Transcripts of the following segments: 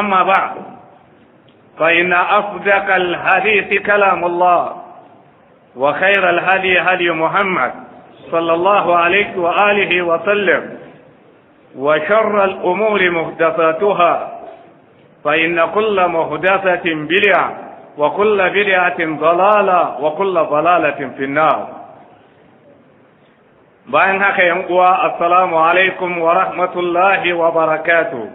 أما بعد فإن أصدق الحديث كلام الله وخير الهدي هدي محمد صلى الله عليه وآله وسلم وشر الأمور محدثاتها فإن كل محدثة بلع وكل بلعة ضلالة وكل ضلالة في النار بأنها ينقوى السلام عليكم ورحمة الله وبركاته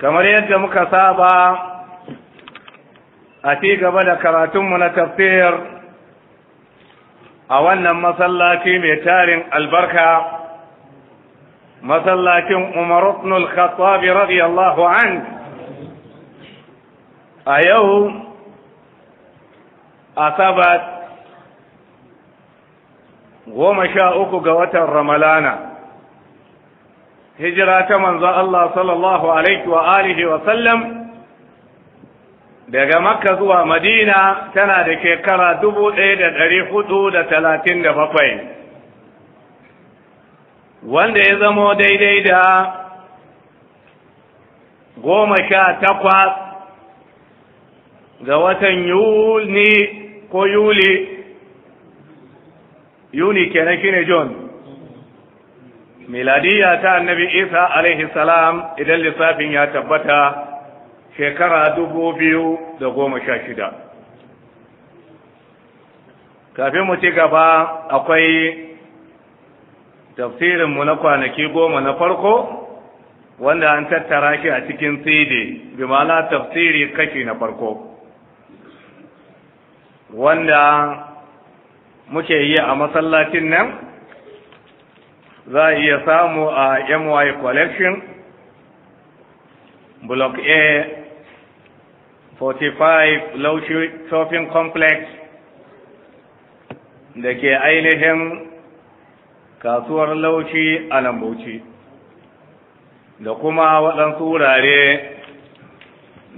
kamar yadda muka saba a ci gaba da karatunmu na tafsir a wannan masallaci mai tarin albarka masallacin umar ibn al radiyallahu an a yau asabat goma sha uku ga watan ramalana hijira ta manzo Allah sallallahu alaihi wa alihi wa sallam daga makka zuwa madina tana da shekara dubu ɗaya da ɗari hudu da talatin da bakwai wanda ya zamo daidai da goma sha takwas ga watan yuni ko yuli yuni kenan shine john miladiyya ta annabi isa alaihi salam idan lissafin ya tabbata shekara dubu biyu da goma sha shida kafin mu ci gaba akwai tafsirinmu na kwanaki goma na farko wanda an tattara shi a cikin cd bi ma'ana tafsiri kashi na farko wanda muke yi a masallacin nan za a iya samu a my collection block a 45 laushi shopping complex da ke ainihin kasuwar laushi a lambauci da kuma waɗansu wurare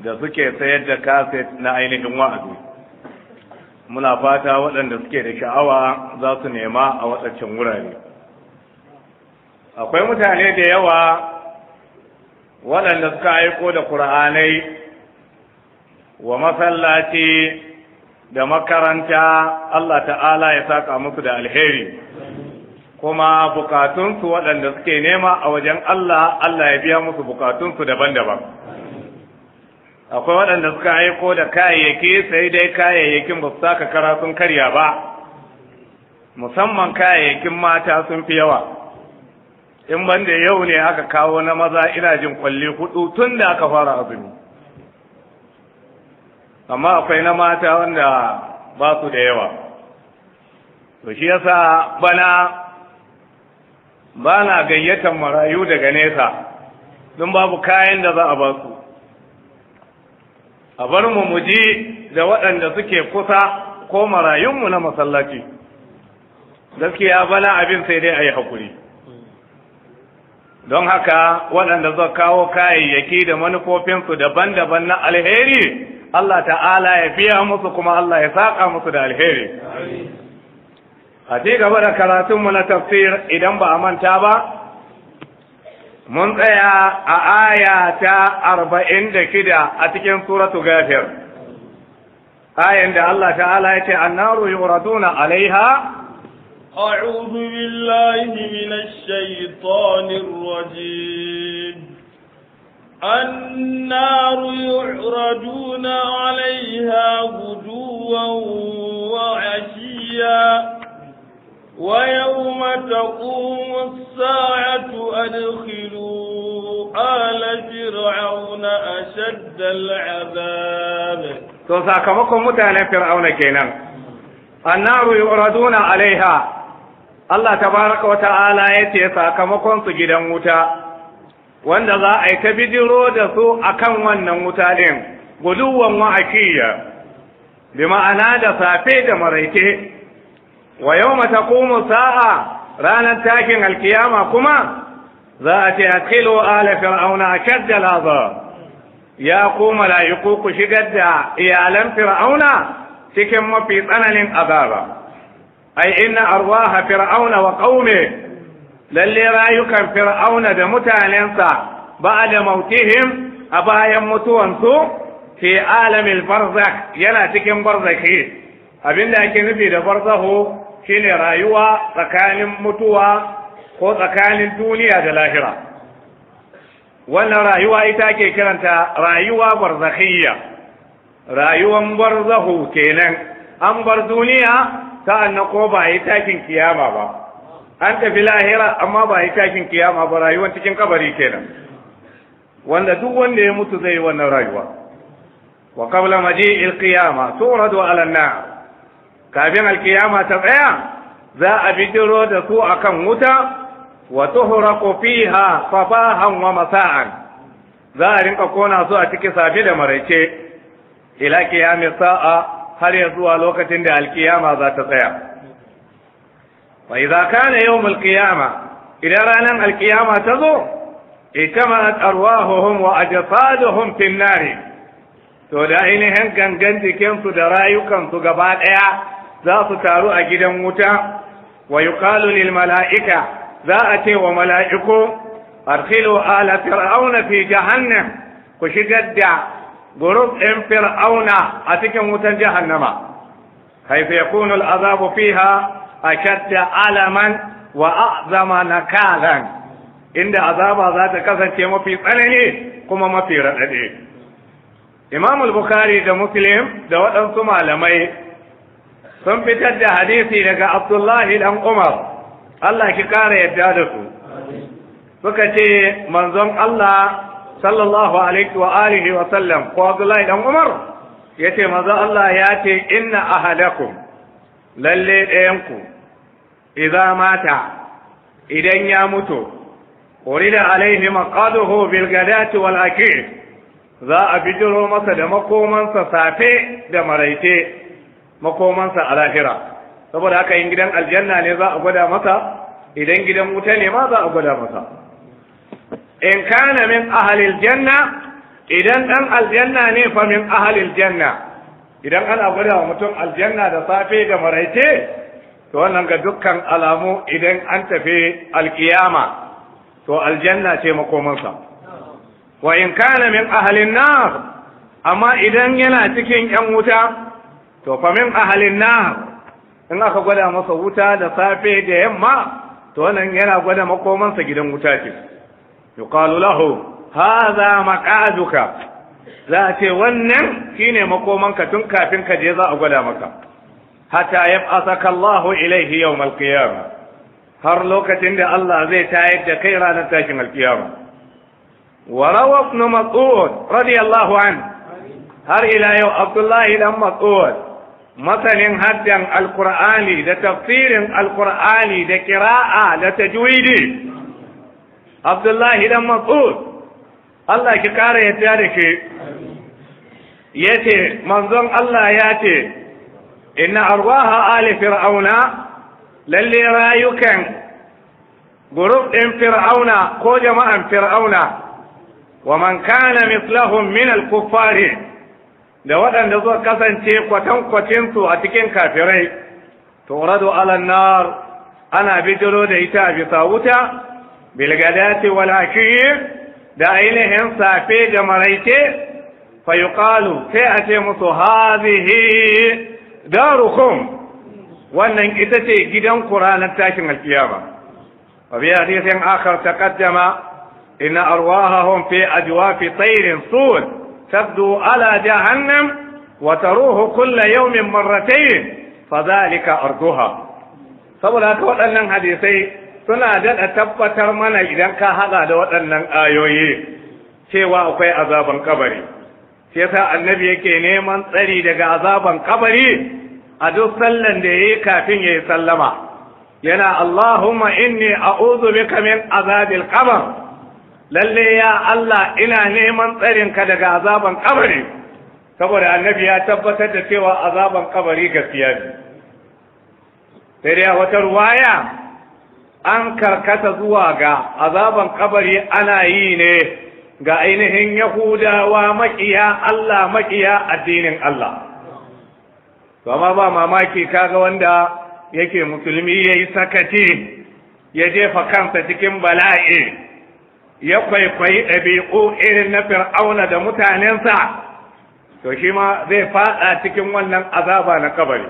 da suke sayar da kaset na ainihin wa'azi muna fata waɗanda suke da sha'awa za su nema a waɗancan wurare akwai mutane da yawa waɗanda suka aiko da ƙur'anai wa masallaci da makaranta Allah ta'ala ya saka musu da alheri kuma bukatunsu waɗanda suke nema a wajen Allah Allah ya biya musu bukatunsu daban-daban akwai waɗanda suka aiko da kayayyaki sai dai kayayyakin ba su saka kara sun karya ba musamman kayayyakin mata sun fi yawa in ban da yau ne aka kawo na maza ina jin kwalli hudu tun da aka fara azumi amma akwai na mata wanda ba su da yawa to shi yasa bana ba na gayyatar marayu daga nesa don babu kayan da za a ba su a bar mu mu da waɗanda suke kusa ko marayunmu na masallaci gaskiya bana abin sai dai a yi haƙuri don haka waɗanda zuwa kawo kayayyaki da manufofinsu daban-daban na alheri Allah ta'ala ya fiya musu kuma Allah ya saƙa musu da alheri a ci gaba da karatunmu na tafsir idan ba a manta ba mun tsaya a aya ta arba'in da kida a cikin suratu gafir ayan da Allah ta'ala ya ce annaru yuraduna alaiha أعوذ بالله من الشيطان الرجيم النار يعرجون عليها غدوا وعشيا ويوم تقوم الساعة أدخلوا آل فرعون أشد العذاب تو ساكمكم متى فرعون كينا النار يعرضون عليها Allah tabaraka wa ta'ala ya ce sakamakon su gidan wuta wanda za a yi ta bijiro da su akan wannan wuta ɗin guduwan wa akiya bi ma'ana da safe da maraice wa mata taqumu sa'a ranar takin alkiyama kuma za a ce akilu ala fir'auna ashadda laza. ya ku mala'iku ku shigar da iyalan fir'auna cikin mafi tsananin azaba ai inna arwaha fir'auna wa qaumi lalle rayukan fir'auna da mutanensa ba'da mautihim a bayan mutuwansu fi alamil barzakh yana cikin barzakhi abinda ake nufi da barzahu shine rayuwa tsakanin mutuwa ko tsakanin duniya da lahira wannan rayuwa ita ake kiranta rayuwa barzakhiyya rayuwan barzahu kenan an bar duniya sa'an na ko ba yi takin kiyama ba an tafi lahira amma ba yi takin kiyama ba rayuwar cikin kabari kenan wanda duk wanda ya mutu zai yi wannan rayuwa wa qabla maji'il ilkiyama turadu ala an kafin alkiyama ta tsaya za a bidiro da su a kan wuta wa tuhraqu fiha sabahan wa masa'an za a rinka kona su a cikin safi da maraice ila qiyamis sa'a har ya zuwa lokacin da alkiyama za ta tsaya wa idza kana yawm alqiyama idan ranar alkiyama ta zo itamat arwahuhum wa ajsaduhum fi an to da ainihin gangan jikinsu da rayukansu gaba daya za su taru a gidan wuta wa yuqalu lil mala'ika za a ce wa mala'iku adkhilu ala fir'auna fi jahannam ku shigar da group ɗin fir'auna a cikin wutan jahannama kaifa yakunu al'azabu fiha ashadda alaman wa a'zama nakalan inda azaba zata kasance mafi tsanani kuma mafi raɗaɗe Imamul bukhari da muslim da waɗansu malamai sun fitar da hadisi daga abdullahi dan umar Allah ki ƙara yadda da su suka ce manzon Allah sallallahu alaihi wa alihi wa sallam ko Abdullahi dan Umar yace maza Allah ya ce inna ahadakum lalle ɗayanku, ku idza mata idan ya mutu urida alaihi maqaduhu bil gadati wal akir za a bijiro masa da makomansa safe da maraice makomansa a lahira saboda haka in gidan aljanna ne za a gwada masa idan gidan wuta ne ma za a gwada masa in kana min ahalil janna idan dan aljanna ne fa min ahalil janna idan ana gwada wa mutum aljanna da safe da maraice to wannan ga dukkan alamu idan an tafi alkiyama to aljanna ce makomansa wa in kana min ahalin nar amma idan yana cikin yan wuta to fa min ahalin nar in aka gwada masa wuta da safe da yamma to wannan yana gwada makomansa gidan wuta ce yuqalu lahu hadha maq'aduka za a ce wannan shine makomanka tun kafin ka je za a gwada maka hatta yab'athaka Allahu ilayhi yawm al-qiyamah har lokacin da Allah zai tayar da kai ranar tashin al-qiyamah wa rawa ibn mas'ud radiyallahu anhu har ila yau Abdullahi dan mas'ud masanin haddan alkur'ani da tafsirin alkur'ani da ƙira'a da tajwidi abdullahi dan mas'ud Allah ki kara yadda da ke yace manzon Allah ya ce inna arwaha ali fir'auna lalle rayukan gurub din fir'auna ko jama'an fir'auna wa man kana mithlahum min al da waɗanda zuwa kasance kwatan kwatankwacinsu a cikin kafirai radu ala nar ana bijiro da ita a bisa wuta bilgadati wal da ainihin safe da maraice fayuƙalu sai a ce musu hadhihi darukum wannan ita ce gidan ranar takin alkiyama wa bi hadithin akhar taqaddama inna arwahahum fi ajwafi tayrin sud tabdu ala jahannam Wata taruhu kulla yawmin marratayn fadhalika arduha saboda haka waɗannan hadisai suna daɗa tabbatar mana idan ka haɗa da waɗannan ayoyi cewa akwai azaban kabari sai yasa annabi yake neman tsari daga azaban kabari a duk sallan da yayi kafin yayi sallama yana Allahumma inni a'udhu bika min azabil qabr lalle ya Allah ina neman tsarin ka daga azaban kabari saboda annabi ya tabbatar da cewa azaban kabari gaskiya ne sai dai wata ruwaya an karkata zuwa ga azaban kabari ana yi ne ga ainihin yahudawa makiya Allah makiya addinin Allah to amma ba mamaki kaga wanda yake musulmi yayi sakati ya jefa kansa cikin bala'i ya kwaikwayi ɗabi'u irin na fir'auna da mutanensa to shi ma zai faɗa cikin wannan azaba na kabari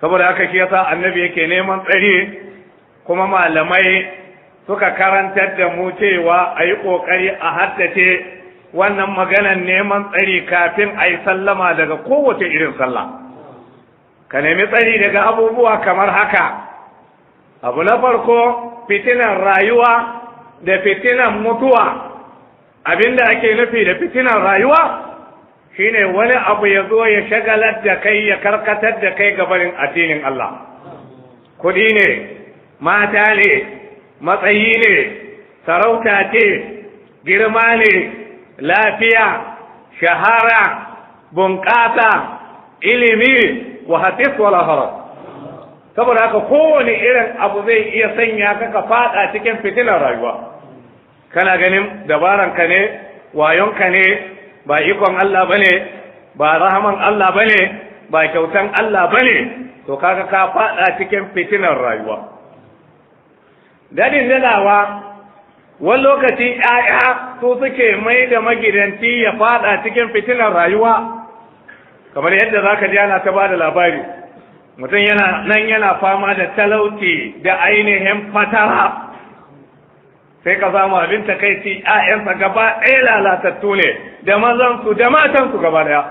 saboda haka shi yasa annabi yake neman tsari kuma malamai suka karantar da mu cewa a yi ƙoƙari a haddace wannan maganan neman tsari kafin a yi sallama daga kowace irin sallah ka nemi tsari daga abubuwa kamar haka abu na farko fitinan rayuwa da fitinan mutuwa abinda ake nufi da fitinan rayuwa shine wani abu ya zo ya shagalar da kai ya karkatar da kai gabarin addinin Allah kuɗi ne mata ne matsayi ne sarauta ce girma ne lafiya shahara bunƙasa ilimi wa hatis wala haram saboda haka kowane irin abu zai iya sanya ka ka faɗa cikin fitilar rayuwa kana ganin dabaranka ne wayonka ne ba ikon Allah bane ba rahaman Allah bane ba kyautan Allah bane to kaga ka faɗa cikin fitinar rayuwa dadin dalawa wani lokaci ‘ya'ya su suke mai da magidanci ya fada cikin fitinar rayuwa kamar yadda za ka ji ta ba da labari mutum yana nan yana fama da talauci da ainihin fatara sai ka samu abin ta takaici ‘ya'yansa gaba ɗaya lalatattu ne da mazansu da matansu gaba ɗaya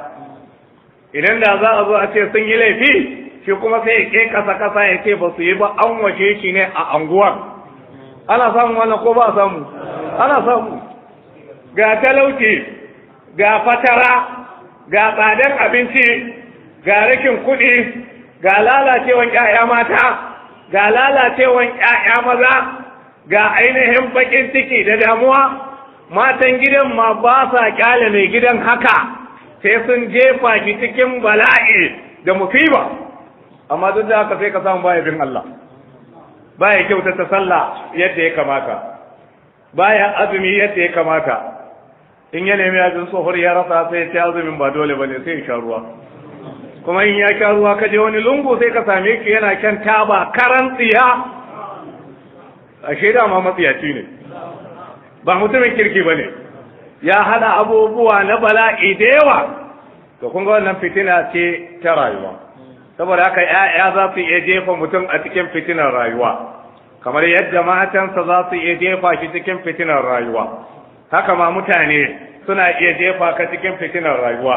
idan da za a zo a ce sun yi laifi shi kuma sai ya ke kasa kasa ya ce ba su yi ba an waje shi ne a anguwar ana samun wannan ko ba samu ana samu ga talauci ga fatara ga tsadar abinci ga rikin kuɗi ga lalacewan ƴaƴa mata ga lalacewan ƴaƴa maza ga ainihin baƙin ciki da damuwa matan gidan ma ba sa kyale mai gidan haka sai sun jefa ki cikin bala'i da musiba amma duk da haka sai ka samu baya Allah baya ta sallah yadda ya kamata baya azumi yadda ya kamata in ya nemi yajin tsohuwar ya rasa sai ta azumin ba dole ba sai ya sha ruwa kuma in ya sha ruwa ka je wani lungu sai ka same ki yana kyan taba karan tsiya a shaida ma matsiyaci ne ba mutumin kirki bane ya hada abubuwa na bala'i da yawa to kun ga wannan fitina ce ta rayuwa saboda haka ya'ya za su iya jefa mutum a cikin fitinar rayuwa kamar yadda matansa za su iya jefa shi cikin fitinar rayuwa haka ma mutane suna iya jefa ka cikin fitinar rayuwa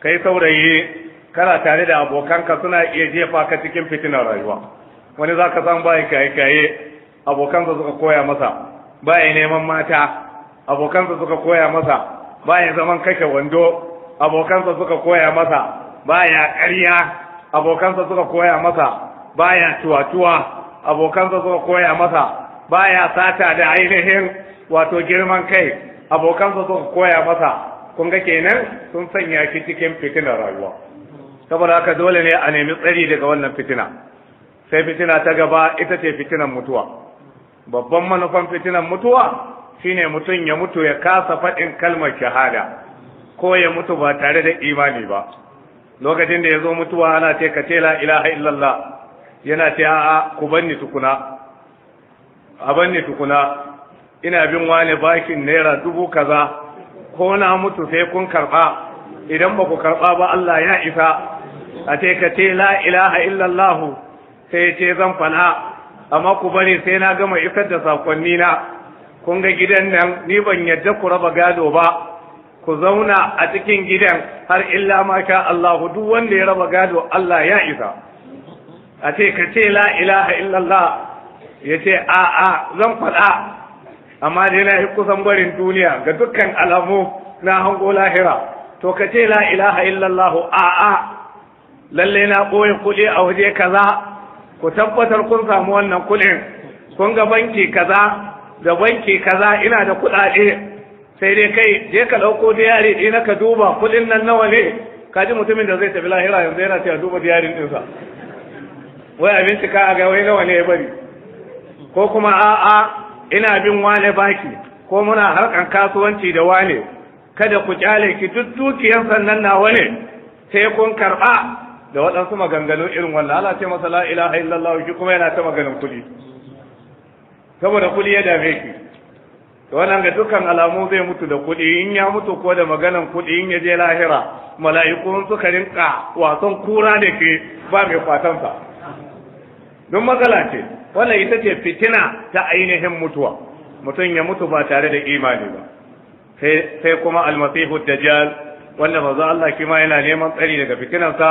kai saurayi kana tare da abokanka suna iya jefa ka cikin fitinar rayuwa wani za ka san baya kaye-kaye abokansa suka koya masa baya neman mata abokansa suka koya masa baya zaman kashe wando abokansa suka koya masa baya ƙarya abokansa suka koya masa baya tuwa-tuwa abokansa suka koya masa baya sata da ainihin wato girman kai abokansa suka koya masa kun ga kenan sun sanya shi cikin fitinar rayuwa saboda haka dole ne a nemi tsari daga wannan fitina sai fitina ta gaba ita ce fitinan mutuwa babban manufan fitinan mutuwa shine mutum ya mutu ya kasa faɗin kalmar shahada ko ya mutu ba tare da imani ba lokacin da ya zo mutuwa ana ce ka ce la ilaha illallah yana ce a'a ku banni tukuna a banni tukuna ina bin wani bakin naira dubu kaza ko na mutu sai kun karba idan ba ku karba ba Allah ya isa a ce ka ce la ilaha illallah sai ce zan fana amma ku bari sai na gama isar da sakonni na kun ga gidan nan ni ban yadda ku raba gado ba ku zauna a cikin gidan har illa ma sha Allah duk wanda ya raba gado Allah ya isa a ce ka ce la ilaha illallah ya ce a a zan faɗa amma dai na yi kusan barin duniya ga dukkan alamu na hango lahira to ka ce la ilaha illallah a a lalle na ɓoye kuɗi a waje kaza ku tabbatar kun samu wannan kuɗin kun ga banki kaza da banki kaza ina da kuɗaɗe sai dai kai je ka ɗauko diyari na ka duba kuɗin nan nawa ne ka ji mutumin da zai tafi lahira yanzu yana cewa duba diyarin dinsa. wai abinci ka ga wai nawa ne ya bari ko kuma a'a ina bin wane baki ko muna harkan kasuwanci da wane kada ku kyale ki duk dukiyan sannan na wane sai kun karɓa da waɗansu maganganu irin wannan Allah ce masa la ilaha illallah kuma yana ta maganin kuɗi saboda kuɗi ya dame ki to wannan ga dukkan alamu zai mutu da kuɗi in ya mutu ko da maganan kuɗi in ya je lahira mala'ikun suka rinka wasan kura da ke ba mai kwatansa don matsala ce wannan ita ce fitina ta ainihin mutuwa mutum ya mutu ba tare da imani ba sai kuma almasihu dajjal wanda manzo Allah kima yana neman tsari daga fitinarsa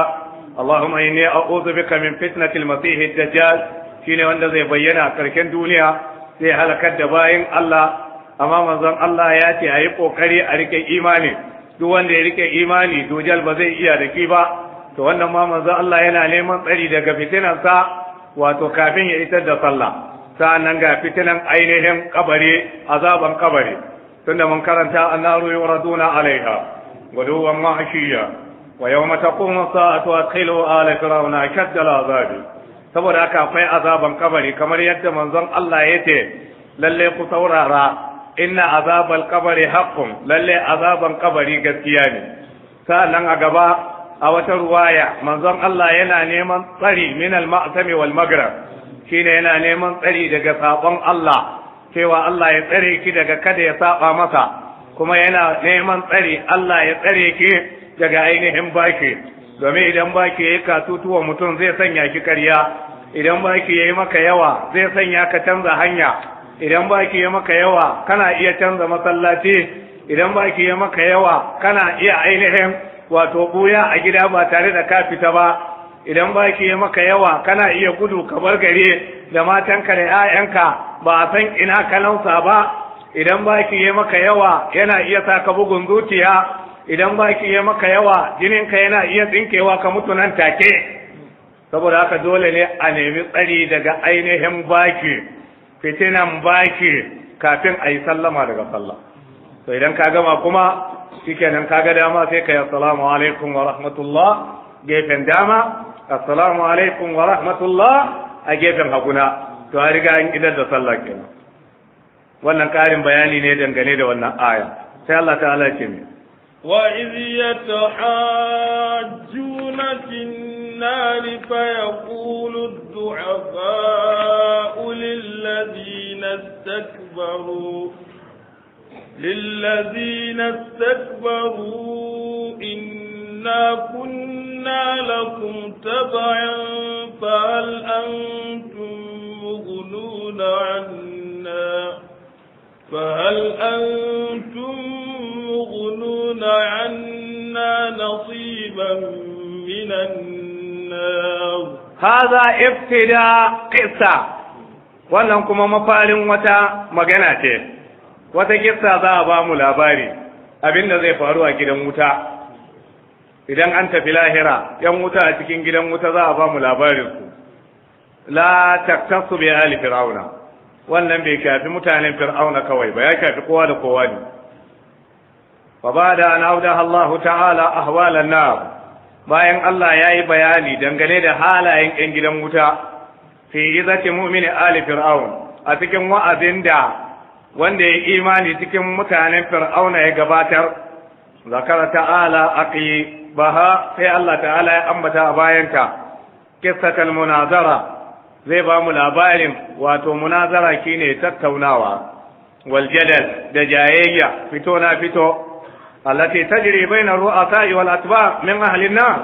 اللهم إني أعوذ بك من فتنة المسيح shi shine wanda zai bayyana a ƙarshen duniya zai halakar da bayan Allah amma manzon Allah ya ce a yi ƙoƙari a rike imani duk wanda ya rike imani dojal ba zai iya da ba to wannan ma manzon Allah yana neman tsari daga fitinansa wato kafin ya isar da sallah sa'annan ga fitinan ainihin kabari azaban kabari tunda mun karanta annaru yuraduna alaiha guduwan ma'ashiya wa yawma taqumu sa'atu adkhilu ala fir'auna ashadda al'azab saboda haka akwai azaban kabari kamar yadda manzon Allah yace lalle ku saurara inna azabal kabari haqqun lalle azaban kabari gaskiya ne sa'an a gaba a wata ruwaya manzon Allah yana neman tsari min al ma'sami wal magrab shine yana neman tsari daga sabon Allah cewa Allah ya tsare ki daga kada ya saba masa kuma yana neman tsari Allah ya tsare ki daga ainihin baki domin idan baki yayi katutuwa mutum zai sanya ki karya idan baki yayi maka yawa zai sanya ka canza hanya idan baki yi maka yawa kana iya canza masallaci idan baki yi maka yawa kana iya ainihin wato buya a gida ba tare da ka fita ba idan baki ya maka yawa kana iya gudu ka bar gare da matanka da 'ya'yanka ba a san ina kalansa ba idan baki yi maka yawa yana iya sa bugun zuciya idan baki yi maka yawa jininka yana iya tsinkewa ka mutu nan take saboda haka dole ne a nemi tsari daga ainihin baki fitinan baki kafin a yi sallama daga sallah to idan ka gama kuma shikenan ka ga dama sai ka yi assalamu alaikum wa rahmatullah gefen dama assalamu alaikum wa rahmatullah a gefen haguna to a riga an idar da sallah kenan wannan karin bayani ne dangane da wannan aya sai Allah ta'ala ce ne wa iz yatahajjuna النار فيقول الضعفاء للذين استكبروا للذين استكبروا إنا كنا لكم تبعا فهل أنتم مغنون عنا فهل أنتم مغنون عنا نصيبا من النار هذا ابتداء قصة wannan kuma mafarin wata magana ce wata kissa za a ba mu labari abin da zai faru a gidan wuta idan an tafi lahira yan wuta a cikin gidan wuta za a ba mu labarin su la taktasu bi ali fir'auna wannan bai kafi mutanen fir'auna kawai ba ya kafi kowa da kowa ne fa ba da an auda Allah ta'ala ahwalan nar bayan Allah ya yi bayani dangane da halayen 'yan gidan wuta fi izati mu'mini ali fir'aun a cikin wa'azin da wanda ya imani cikin mutanen fir'auna ya gabatar zakara ta'ala aqi baha sai Allah ta'ala ya ambata a bayanta. qissatul munazara zai ba mu labarin wato munazara shine tattaunawa wal jadal da jayayya fito na fito allati tajri baina ru'asa'i wal atba min ahli an-nar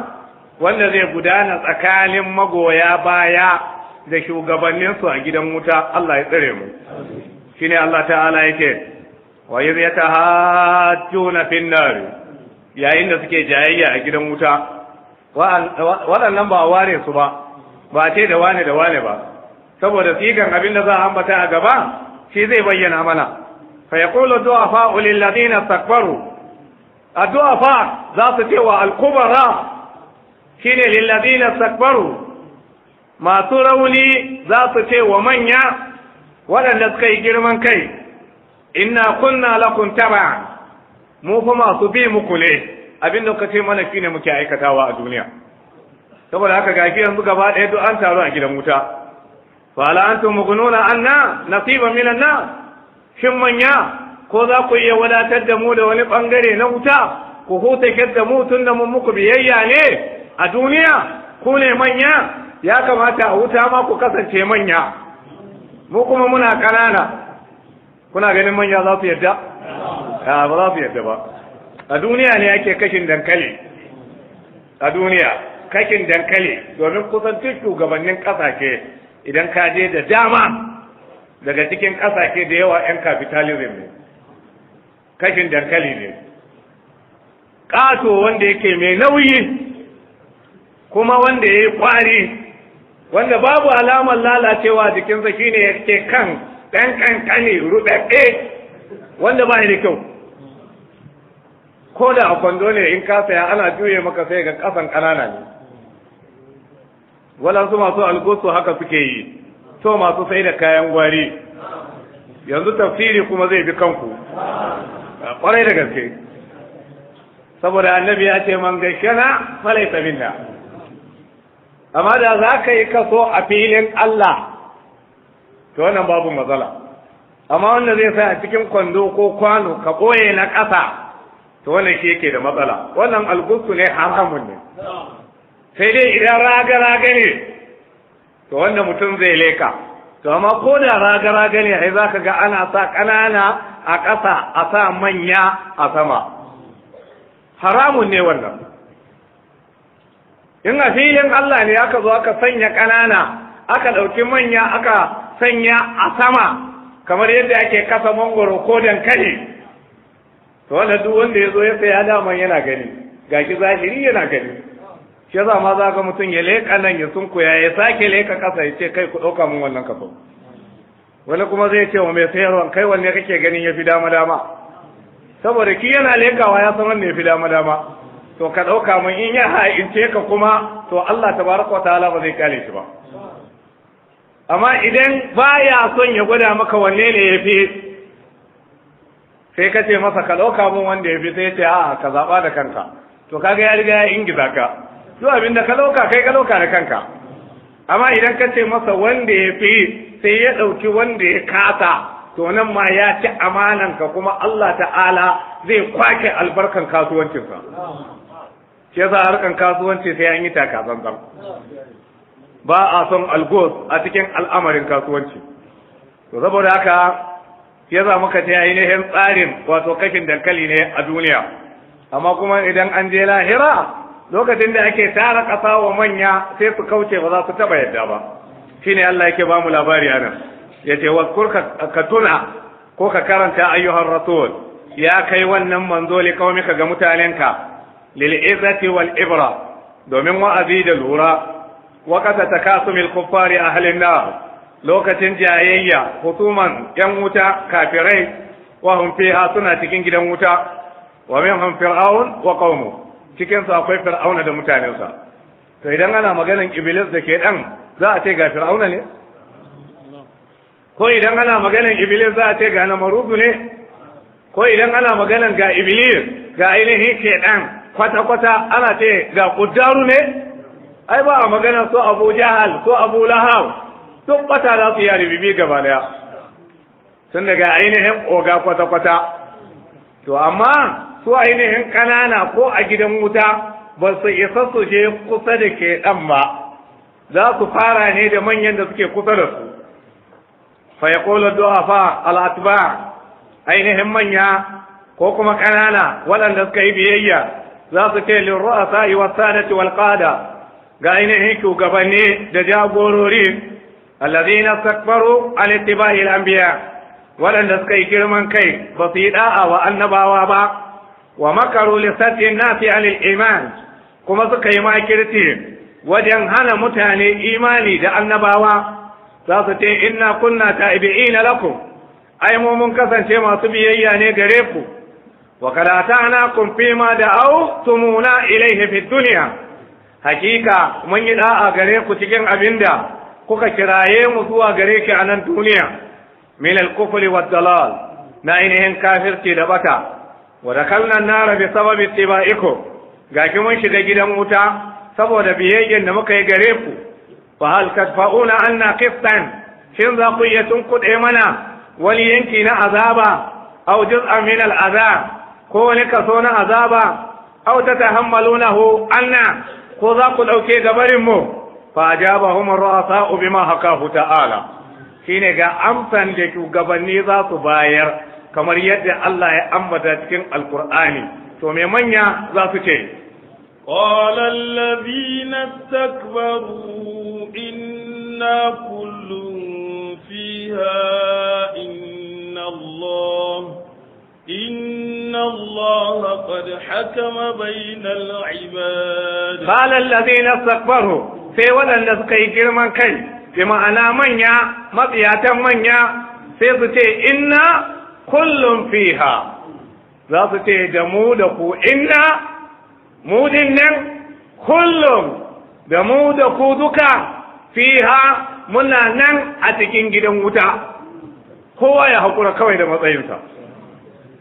wanda zai gudana tsakanin magoya baya da shugabannin a gidan wuta Allah ya tsare mu shine Allah ta'ala yake wa idh yatahajjuna fin nar yayin da suke jayayya a gidan wuta waɗannan ba ware su ba ba ce da wane da wane ba saboda sigan abin da za a ambata a gaba shi zai bayyana mana fa yaqulu du'afa lil ladina addu'a fa za su ce wa al-kubara shine lillazina sakbaru masu rauni za su ce wa manya waɗanda suka yi girman kai inna kunna lakum taba mu fa masu bi muku ne abin da kace mana ne muke aikatawa a duniya saboda haka fi yanzu gaba ɗaya duk an taru a gidan wuta fa la antum mughnuna anna nasiban minan nas shin manya ko za ku iya wadatar da mu da wani bangare na wuta ku hutakar da mu tun da mun muku biyayya ne a duniya ku ne manya ya kamata a wuta ma ku kasance manya mu kuma muna kanana kuna ganin manya za su yadda a ba za su yadda ba a duniya ne ake kashin dankali a duniya kashin dankali domin kusan kusantar shugabannin ƙasashe idan ka je da dama daga cikin ƙasashe da yawa 'yan capitalism ne kashin dankali ne ƙato wanda yake mai nauyi kuma wanda ya yi kwari wanda babu alamar lalacewa jikinsa shine yake kan ɗan ƙanƙani ruɗaɗɗe wanda ba da kyau ko da a kwando ne in ka saya ana juye maka sai ga ƙasan ƙanana ne walansu masu algosu haka suke yi to masu sai da kayan gwari yanzu tafsiri kuma zai bi kanku kwarai da gaske saboda annabi ya ce man na, falai da amma da za ka yi kaso a filin Allah to wannan babu matsala amma wanda zai sa a cikin kwando ko kwano ka ɓoye na ƙasa to wannan shi yake da matsala wannan algusu ne haramun ne sai dai idan raga-raga ne to wanda mutum zai leka to amma ko da raga-raga ne ai za ka ga ana sa ƙanana a ƙasa a sa manya a sama haramun ne wannan in a filin Allah ne aka zo aka sanya ƙanana aka ɗauki manya aka sanya a sama kamar yadda ake kasa mangoro ko dankali to wanda duk wanda ya zo ya saya daman yana gani gaki zahiri yana gani shi yasa ma za ga mutum ya leƙa nan ya sunkuya ya sake leƙa ƙasa ya ce kai ku ɗauka min wannan kaso wani kuma zai ce wa mai sayarwa kai wanne kake ganin ya fi dama dama saboda ki yana lekawa ya san wanne ya fi dama dama to ka ɗauka mun in ya ha'ince ka kuma to Allah tabaraka wa ta'ala ba zai kale shi ba amma idan baya son ya gwada maka wanne ne ya fi sai ka ce masa ka ɗauka mun wanda ya fi sai ce a ka zaɓa da kanka to kaga ya riga ya ingiza ka duk abinda ka ɗauka kai ka ɗauka da kanka amma idan ka ce masa wanda ya fi sai ya ɗauki wanda ya kasa to nan ma ya ci amananka kuma Allah ta'ala zai kwake albarkan kasuwancinka. shi yasa harkan kasuwanci sai an yi taka zanzan ba a son algos a cikin al'amarin kasuwanci to saboda haka shi yasa muka ta ainihin tsarin wato kashin dankali ne a duniya amma kuma idan an je lahira lokacin da ake tara ƙasa wa manya sai su kauce ba za su taɓa yadda ba shine Allah yake ba mu labari Ya ce wa ka tuna ko ka karanta ayyuhar rasul ya kai wannan manzo li qaumika ga mutanenka lil izati wal ibra domin wa'azi da lura wa qad takasumil kuffari halin nar lokacin jayayya hutuman yan wuta kafirai wa hum fiha suna cikin gidan wuta wa minhum fir'aun wa qaumu cikin su akwai fir'auna da mutanensa to idan ana maganan iblis da ke dan za a ce ga fir'auna ne ko idan ana maganan iblis za a ce ga namarudu ne ko idan ana maganan ga iblis ga ainihin ke dan kwata-kwata ana ce ga kuddaru ne ai ba a maganan so abu jahal so abu lahab duk kwata za su yi bibi gaba daya tun daga ainihin oga kwata-kwata to amma su ainihin ƙanana ko a gidan wuta ba su isa su je kusa da ɗan ba za su fara ne da manyan da suke kusa da su fa yaqulu du'afa al-atba' ainihin manya ko kuma ƙanana, waɗanda suka yi biyayya za su ce lil sa'i wa sanati wal qada ga ainihin shugabanni da jagorori alladhina istakbaru an ittiba'i anbiya waɗanda suka yi girman kai ba su yi da'a wa annabawa ba wa makaru li sat'i nasi al-iman kuma suka yi makirci wajen hana mutane imani da annabawa za su ce inna kunna ta'ibi'ina lakum ai mu mun kasance masu biyayya ne gare ku wa ma da au tumuna ilaihi fi dunya hakika mun yi da'a gare ku cikin abinda kuka kiraye mu zuwa gare ki a nan duniya min al-kufri wad dalal na ainihin kafirci da bata wa dakalna an-nara bi sababi ittibaikum Ga shi mun shiga gidan wuta saboda biyayyen da muka yi gare ku fa hal kadfa'una anna qiftan shin za ku iya tunkuɗe mana wani yanki na azaba aw juz'an min ko wani kaso na azaba aw tatahammalunahu anna ko za ku ɗauke gabarin mu fa ajabahum ar-ru'asa'u bima hakahu ta'ala shine ga amsan da shugabanni za su bayar kamar yadda Allah ya ambata cikin alkur'ani to mai manya za su ce ƙwalallabi na takbaru inna kullum fi ha inna Allah inna Allah qad hakama bayna al-ibad qala alladhina sai wadanda suka yi girman kai bi ma'ana manya matsiyatan manya sai su ce inna kullum fiha za su ce da mu da ku inna mu din nan kullum da mu da ku duka fiha muna nan a cikin gidan wuta kowa ya haƙura kawai da matsayinsa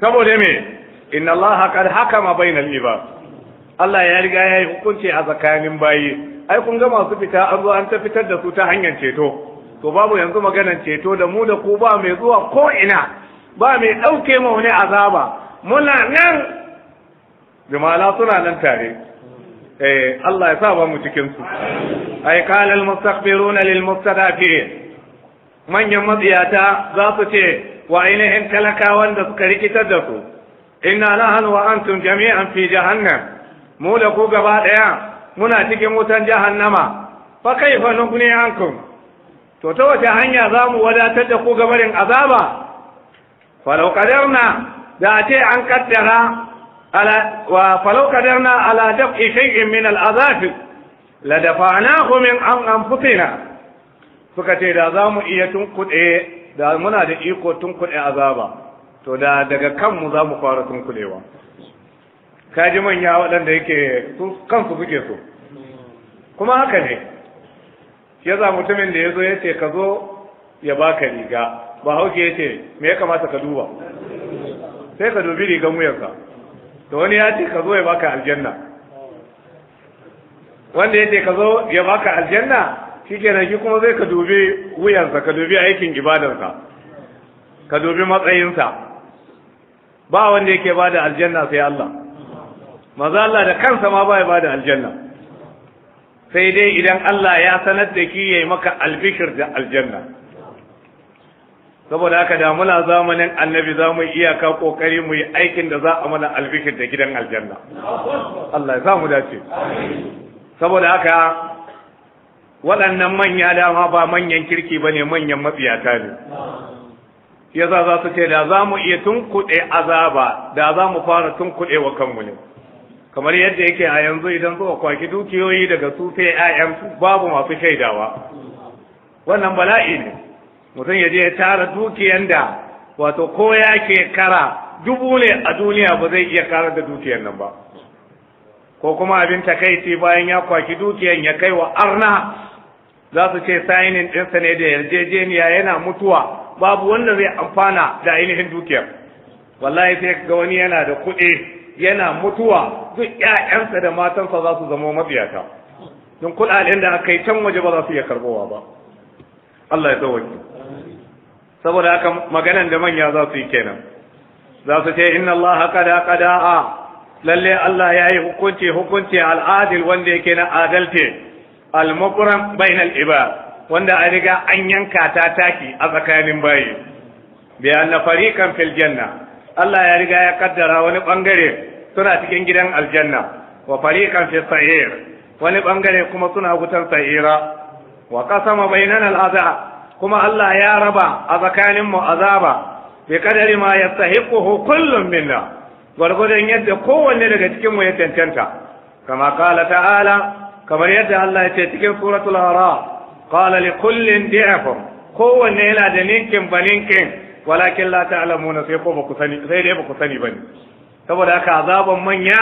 saboda me inna allaha kad hakama bainal ibad Allah ya riga ya yi hukunci a tsakanin bayi ai kun ga masu fita an zo an ta fitar da su ta hanyar ceto to babu yanzu maganan ceto da mu da ku ba mai zuwa ko ina ba mai ɗauke mu wani azaba muna nan jumala suna nan tare eh Allah ya sa ba mu cikin su ay qala al mustaqbiruna lil mustadafirin manyan matsiyata za su ce wa ainihin talakawan da suka rikitar da su inna lahan wa antum jami'an fi jahannam mu da ku gaba daya muna cikin wutan jahannama fa kaifa nughni ankum to ta wace hanya zamu wadatar da ku gabarin azaba falau kadarna da a ce an kaddara wa falau kadarna ala daf'i shay'in min al'azafi la dafa'nahu min an anfusina suka ce da za mu iya tunkuɗe da muna da iko tunkuɗe azaba to da daga kanmu za mu fara tunkuɗewa kaji manya waɗanda yake kansu suke so kuma haka ne ya za mutumin da ya zo ya ce ka zo ya baka riga ba hauke ya ce me ya kamata ka duba sai ka dubi rigan wuyarsa to wani ya ce ka zo ya baka aljanna wanda ya ce ka zo ya baka aljanna shi shikenan shi kuma zai ka dubi wuyansa ka dubi aikin ibadarsa ka dubi matsayinsa ba wanda yake bada aljanna sai Allah maza Allah da kansa ma baya bada aljanna sai dai idan Allah ya sanar da ki yayi maka albishir da aljanna saboda haka da muna zamanin annabi za mu iyaka kokari mu yi aikin da za a mana albishir da gidan aljanna Allah ya mu dace saboda haka waɗannan manya dama ba manyan kirki ba ne manyan matsiyata ne yasa za su ce da za mu iya tunkuɗe azaba da za mu fara tunkuɗe wa kanmu ne kamar yadda yake a yanzu idan zuwa kwaki dukiyoyi daga su sai 'ya'yansu babu masu shaidawa wannan bala'i ne mutum ya je ya tara dukiyan da wato ko ya ke kara dubu ne a duniya ba zai iya kara da dukiyan nan ba ko kuma abin takaici bayan ya kwaki dukiyan ya kai wa arna za su ce sayinin ɗinsa ne da yarjejeniya yana mutuwa babu wanda zai amfana da ainihin dukiyar wallahi sai ga wani yana da kuɗi yana mutuwa duk ƴaƴansa da matansa za su zama mabiyata don kuɗaɗen da aka yi can waje ba za su iya karbowa ba Allah ya tsawaki saboda haka maganan da manya za su yi kenan za su ce inna allaha qada qada'a lalle allah ya yi hukunci hukunci al'adil wanda yake na adalci al-muqram bainal ibad wanda a riga an yanka ta taki a tsakanin bayi bi anna fariqan fil janna allah ya riga ya kaddara wani bangare suna cikin gidan aljanna wa fariqan fi sa'ir wani bangare kuma suna wutar sa'ira wa qasama bainana al kuma Allah ya raba a tsakanin mu azaba bi kadari ma ya yastahiquhu kullum minna gwargwadon yadda kowanne daga cikinmu ya tantanta kama qala ta'ala kamar yadda Allah ya ce cikin suratul haram qala li kullin di'afun kowanne yana da ninkin ninkin, walakin la ta'lamuna sai ko ku sani sai dai sani bane saboda haka azaban manya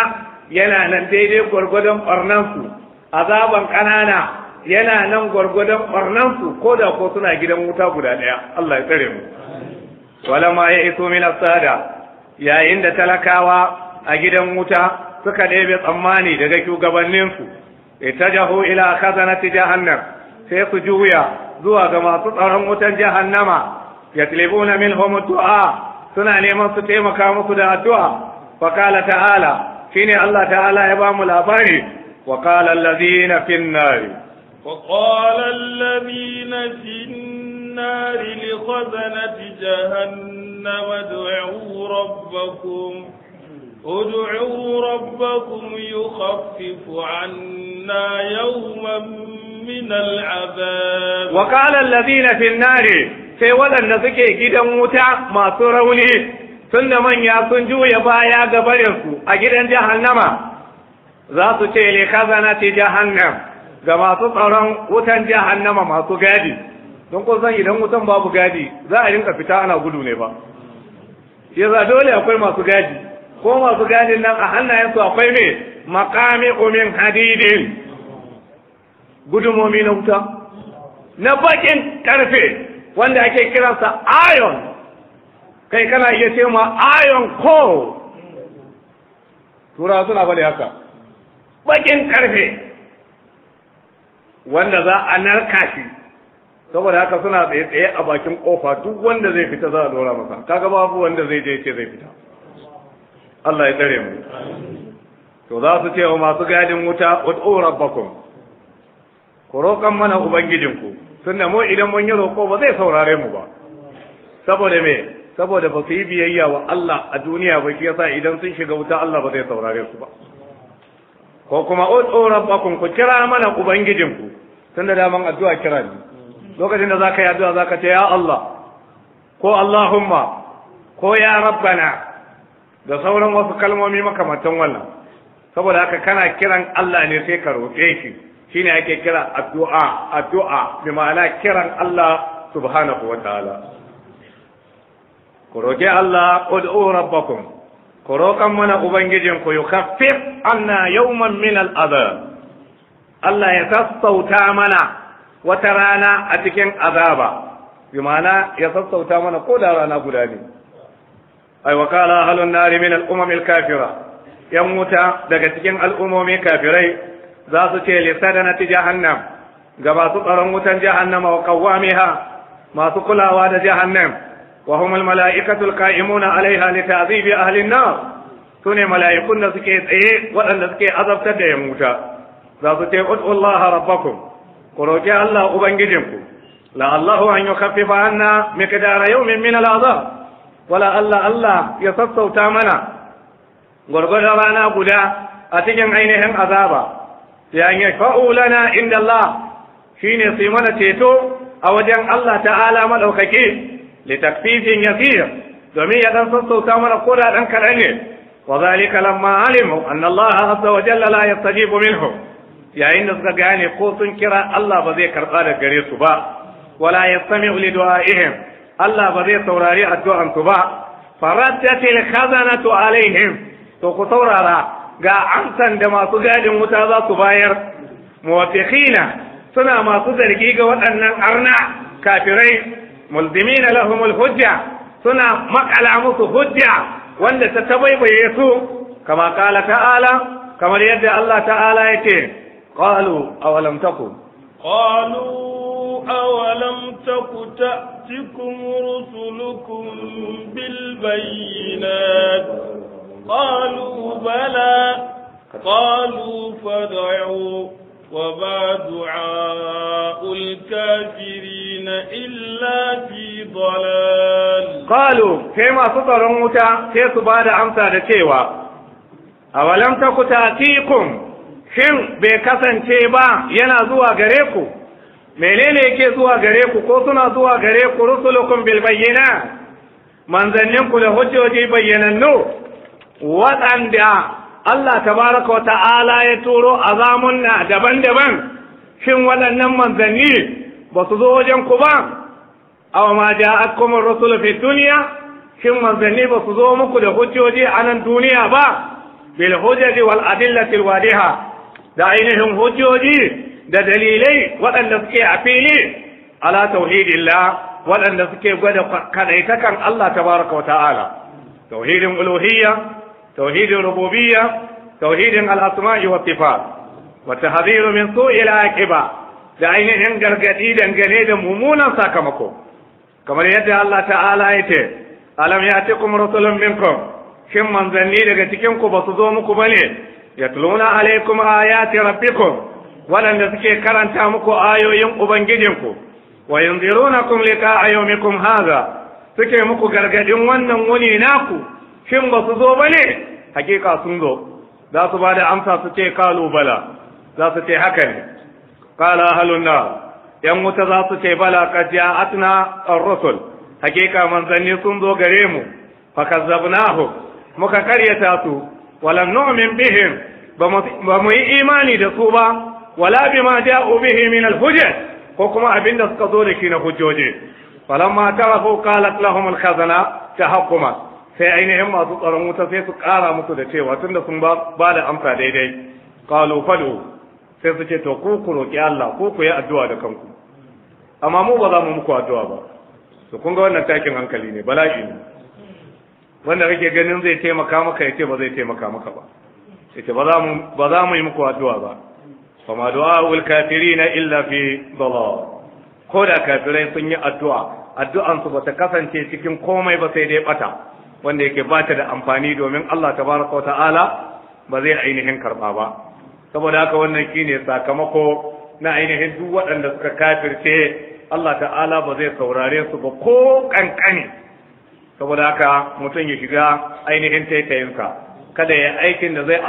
yana nan daidai gwargwadon barnansu azaban ƙanana yana nan gwargwadon barnansu ko da ko suna gidan wuta guda ɗaya Allah ya tsare mu ma ya iso min asada yayin da talakawa a gidan wuta suka ɗebe tsammani daga shugabanninsu itajahu ila khazanati jahannam sai su juya zuwa ga masu tsaron wutan jahannama yatlibuna minhum du'a suna neman su taimaka musu da addu'a fa qala ta'ala shine Allah ta'ala ya ba mu labari wa qala allazina fin وقال الذين في النار لخزنة جهنم ادعوا ربكم ادعوا ربكم يخفف عنا يوما من العذاب وقال الذين في النار sai waɗanda suke gidan wuta masu rauni tun da manya sun juya baya ga barinsu a gidan jahannama za su ce li khazanati jahannam ga masu tsaron wutan jahannama masu gadi don kun san idan wutan babu gadi za a rinka fita ana gudu ne ba yasa dole akwai masu gadi ko masu gadin nan a hannayensu akwai me makami umin hadidin gudumomi na wuta na bakin karfe wanda ake kiransa iron kai kana iya ce ma iron Tura suna bale haka bakin karfe wanda za a narka shi saboda haka suna tsaye tsaye a bakin kofa duk wanda zai fita za a dora masa kaga babu wanda zai je ce zai fita Allah ya tsare mu to za su ce wa masu gadin wuta ud'u rabbakum ku roƙan mana ubangijinku tunda mu idan mun yi roƙo ba zai saurare mu ba saboda me saboda ba su yi biyayya wa Allah a duniya ba shi yasa idan sun shiga wuta Allah ba zai saurare su ba ko kuma ud'u rabbakum ku kira mana ubangijinku tunda mun addu'a kira ne lokacin da zaka yi addu'a zaka ce ya Allah ko Allahumma ko ya rabbana da sauran wasu kalmomi makamantan wannan saboda haka kana kiran Allah ne sai ka roƙe shi shine ake kira addu'a addu'a bi ma'ana kiran Allah subhanahu wa ta'ala ku roƙe Allah ud'u rabbakum ku roƙan mana ubangijin ku kafin anna yawman min al'azab Allah ya sassauta mana wata rana a cikin azaba bi ma'ana ya sassauta mana ko da rana guda ne ai wakala halun nari min al'umam kafira yan wuta daga cikin al'ummomi kafirai za su ce lisadanati jahannam ga masu tsaron wutan jahannama wa qawwamiha masu kulawa da jahannam وهم الملائكة القائمون عليها لتعذيب أهل النار سنة ملائكة سكيت إيه وأن سكيت أذب تدعي موتا ذات ادعوا الله ربكم قروجي الله أبنجدكم لا الله أن يخفف عنا مقدار يوم من العذاب ولا الله الله يسسو تامنا غرغر رانا قدا أتجن عينهم عذابا يعني يشفعوا لنا عند الله شين سيمنا تيتو أوجن الله تعالى ملوككين litakfifin yasir domin ya dan sassauta mana ko da dan kaɗan ne wa zalika lamma alimu anna Allah azza wa jalla la yastajibu yayin da suka gane ko sun kira Allah ba zai karɓa da gare su ba wala yastami'u li du'a'ihim Allah ba zai saurari addu'an su ba faraddat al khazanatu alaihim to ku saurara ga amsan da masu gadin wuta za su bayar muwafiqina suna masu zargi ga waɗannan arna kafirai ملزمين لهم الحجة سنة مك على حجة حجة وان تتبعي كما قال تعالى كما يد الله تعالى يتي قالوا أولم تكن قالوا أولم تك تأتكم رسلكم بالبينات قالوا بلى قالوا فادعوا وما دعاء الكافرين إلا في ضلال قالوا كما سطر da كيس بعد أمسى دكيوا أولم تك تأتيكم shin bai kasance ba yana zuwa gare ku menene yake zuwa gare ku ko suna zuwa gare ku rusulukum bil bayyana manzannin ku da hujjoji bayyanannu waɗanda Allah tabaraka wa ta'ala ya turo azamun na daban-daban shin waɗannan manzanni ba su zo wajen ku ba aw ma ja'akum ar-rusul fi dunya shin manzanni ba su zo muku da hujjoji a nan duniya ba bil hujjati wal adillati wadiha da ainihin hujjoji da dalilai waɗanda suke a fili ala tauhidillah waɗanda suke gwada kadaitakan Allah tabaraka wa ta'ala tauhidin uluhiyya tauhidin rububiyya tauhidin al-asma'i wa sifat wa tahdhiru min su'il aqiba da ainihin gargadi dangane da mummunan sakamako kamar yadda Allah ta'ala ya ce alam ya'tikum rusulun minkum shin manzanni daga cikin ku ba su zo muku bane yatluna alaikum ayati rabbikum waɗanda suke karanta muku ayoyin ubangijinku wa yanzirunakum liqa'a yawmikum hadha suke muku gargadin wannan wuni naku shin ba su zo ba ne hakika sun zo za su ba da amsa su ce kalu bala za su ce haka ne kala halun na yan wuta za su ce bala kad ja'atna ar-rusul hakika manzanni sun zo gare mu fa Zabnahu.' muka karyata su walam nu'min bihim ba mu yi imani da su ba wala bima ja'u bihi min al ko kuma abinda suka zo da shi na hujjoji falamma tarafu qalat lahum al-khazana tahakkuma sai ainihin masu tsaron wuta sai su ƙara musu da cewa tun da sun ba da amsa daidai qalu falu sai su ce to ku ku roƙi Allah ko ku yi addu'a da kanku amma mu ba za mu muku addu'a ba to kun ga wannan takin hankali ne bala'i ne wanda kake ganin zai taimaka maka ya ce ba zai taimaka maka ba ya ba za mu ba za mu yi muku addu'a ba fama du'a'ul kafirina illa fi dala ko da kafirai sun yi addu'a addu'ansu ba ta kasance cikin komai ba sai dai bata wanda yake ba ta da amfani domin Allah tabaraka ta'ala ba zai ainihin karba ba saboda haka wannan kine sakamako na ainihin duk waɗanda suka kafirce Allah ta'ala ba zai saurare su ba ko kankani saboda haka mutum ya shiga ainihin taitayinsa kada ya aikin da zai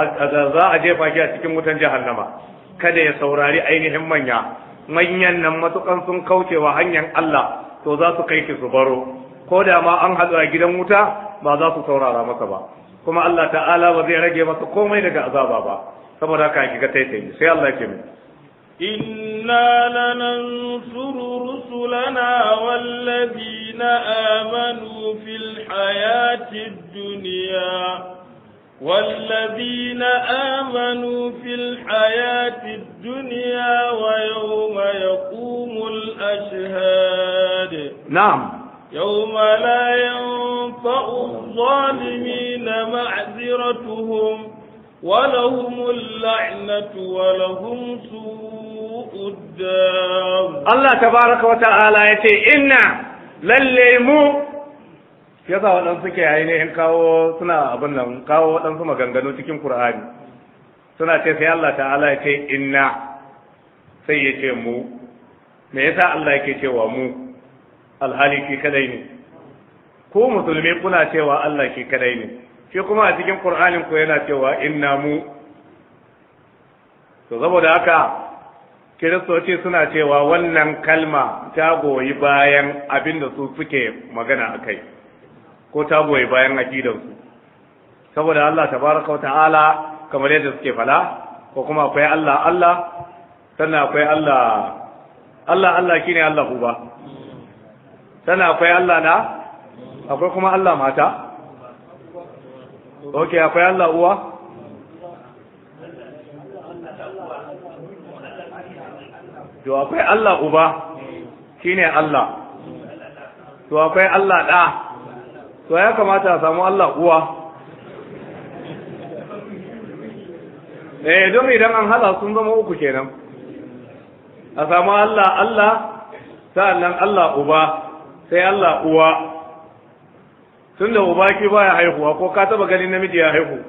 za a jefa shi a cikin wutan jahannama kada ya saurari ainihin manya manyan nan matukan sun kaucewa hanyar Allah to za su kai ki su baro ko da ma an haɗu a gidan wuta ba za su saurara maka ba kuma Allah ta'ala ba zai rage maka komai daga azaba ba saboda haka ki ga taitayi sai Allah ke mai inna lananṣuru rusulana wallazina amanu fil hayati dunya والذين duniya في الحياة الدنيا ويوم يقوم الأشهاد نعم يوم لا ينفع الظالمين معذرتهم ولهم اللعنة ولهم سوء الدار الله تبارك وتعالى يتي إنا لليمو yasa waɗansu ke ainihin kawo suna abin nan kawo waɗansu maganganu cikin Kur'ani suna ce sai Allah ta'ala ya ce inna sai ya ce mu me yasa Allah yake cewa mu alhali shi kadai ne ko musulmi kuna cewa Allah shi kadai ne shi kuma a cikin Qur'anin ko yana cewa inna mu to saboda haka kiristoci suna cewa wannan kalma ta goyi bayan abin su suke magana akai ko ta goyi bayan su. saboda Allah tabaraka wa ta'ala kamar yadda suke fala ko kuma akwai Allah Allah sannan akwai Allah Allah Allah shine Allah ba Tana akwai Allah na akwai kuma Allah mata ok akwai Allah uwa to akwai Allah uba shine Allah to akwai Allah ɗa to ya kamata a samu Allah uwa eh don idan an hala sun zama uku kenan a samu Allah Allah sa'annan Allah uba sai Allah uwa tun da uba ki baya haihuwa ko ka taba ganin namiji ya haihu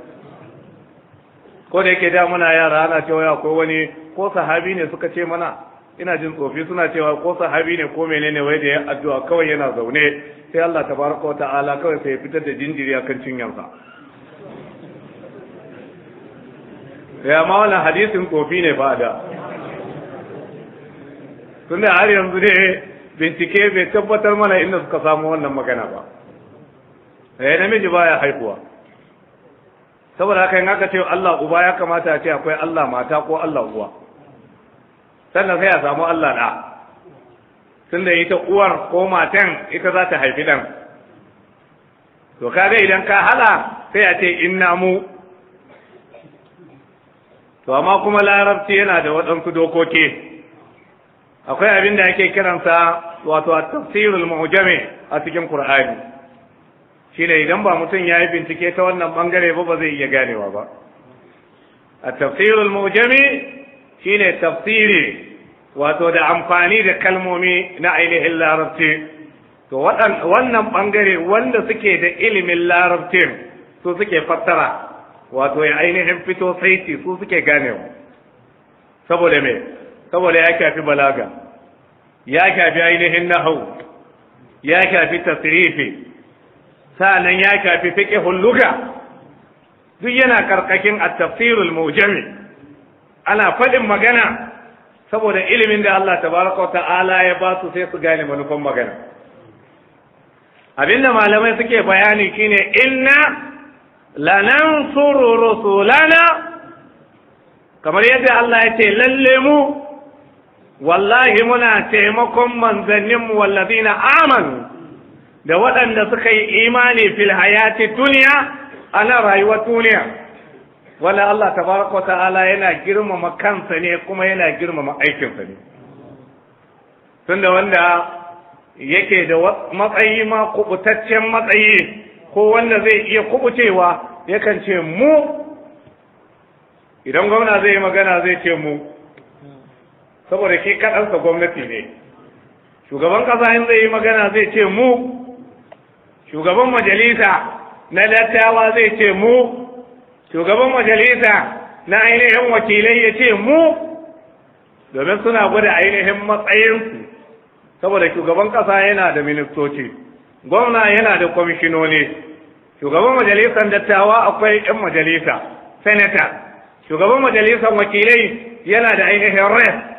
ko da yake da muna yara ana cewa ya akwai wani ko sahabi ne suka ce mana ina jin tsofi suna cewa ko sahabi ne ko menene wai da ya addu'a kawai yana zaune sai Allah tabaraka wa ta'ala kawai sai ya fitar da jinjiri akan cinyarsa ya ma wannan hadisin tsofi ne ba da tunda har yanzu ne bincike bai tabbatar mana inda suka samu wannan magana ba eh namiji baya haihuwa saboda haka in aka ce Allah uba ya kamata a ce akwai Allah mata ko Allah uwa sannan sai a samu Allah da tunda ita uwar ko matan ita za ta haifi dan to ka ga idan ka hala sai a ce inna mu to amma kuma larabci yana da waɗansu dokoki akwai abin da ake kiransa wato a tafsirul mu'jami a cikin qur'ani shine idan ba mutum ya yi bincike ta wannan bangare ba ba zai iya ganewa ba a tafsirul mu'jami shine tafsiri wato da amfani da kalmomi na ainihin larabci to wannan bangare wanda suke da ilimin larabcin su suke fassara wato ya ainihin fito saiti su suke ganewa saboda me saboda ya kafi balaga ya shafi ainihin nahau ya shafi tasirifi sa'annan ya shafi fiƙe hulluga duk yana karkakin a tafsirul mujami ana faɗin magana saboda ilimin da Allah tabaraka wa ta'ala ya ba su sai su gane manufan magana abinda malamai suke bayani shine inna lanansuru rusulana kamar yadda Allah ya ce lalle mu wallahi muna taimakon manzannin wallazi na amanu da waɗanda suka yi imani fil hayati duniya a nan rayuwar duniya Wanda Allah Ta tabaraka ta'ala yana girmama kansa ne kuma yana girmama aikinsa ne da wanda yake da matsayi ma kubutaccen matsayi ko wanda zai iya kubucewa yakan ce mu idan gwamna zai yi magana zai ce mu saboda shi kaɗansa gwamnati ne shugaban ƙasa in zai yi magana zai ce mu shugaban majalisa na dattawa zai ce mu shugaban majalisa na ainihin wakilai ya ce mu domin suna gwada ainihin matsayinsu saboda shugaban ƙasa yana da ministoci gwamna yana da kwamishinoni shugaban majalisar dattawa akwai 'yan majalisa senator shugaban majalisar wakilai yana da ainihin res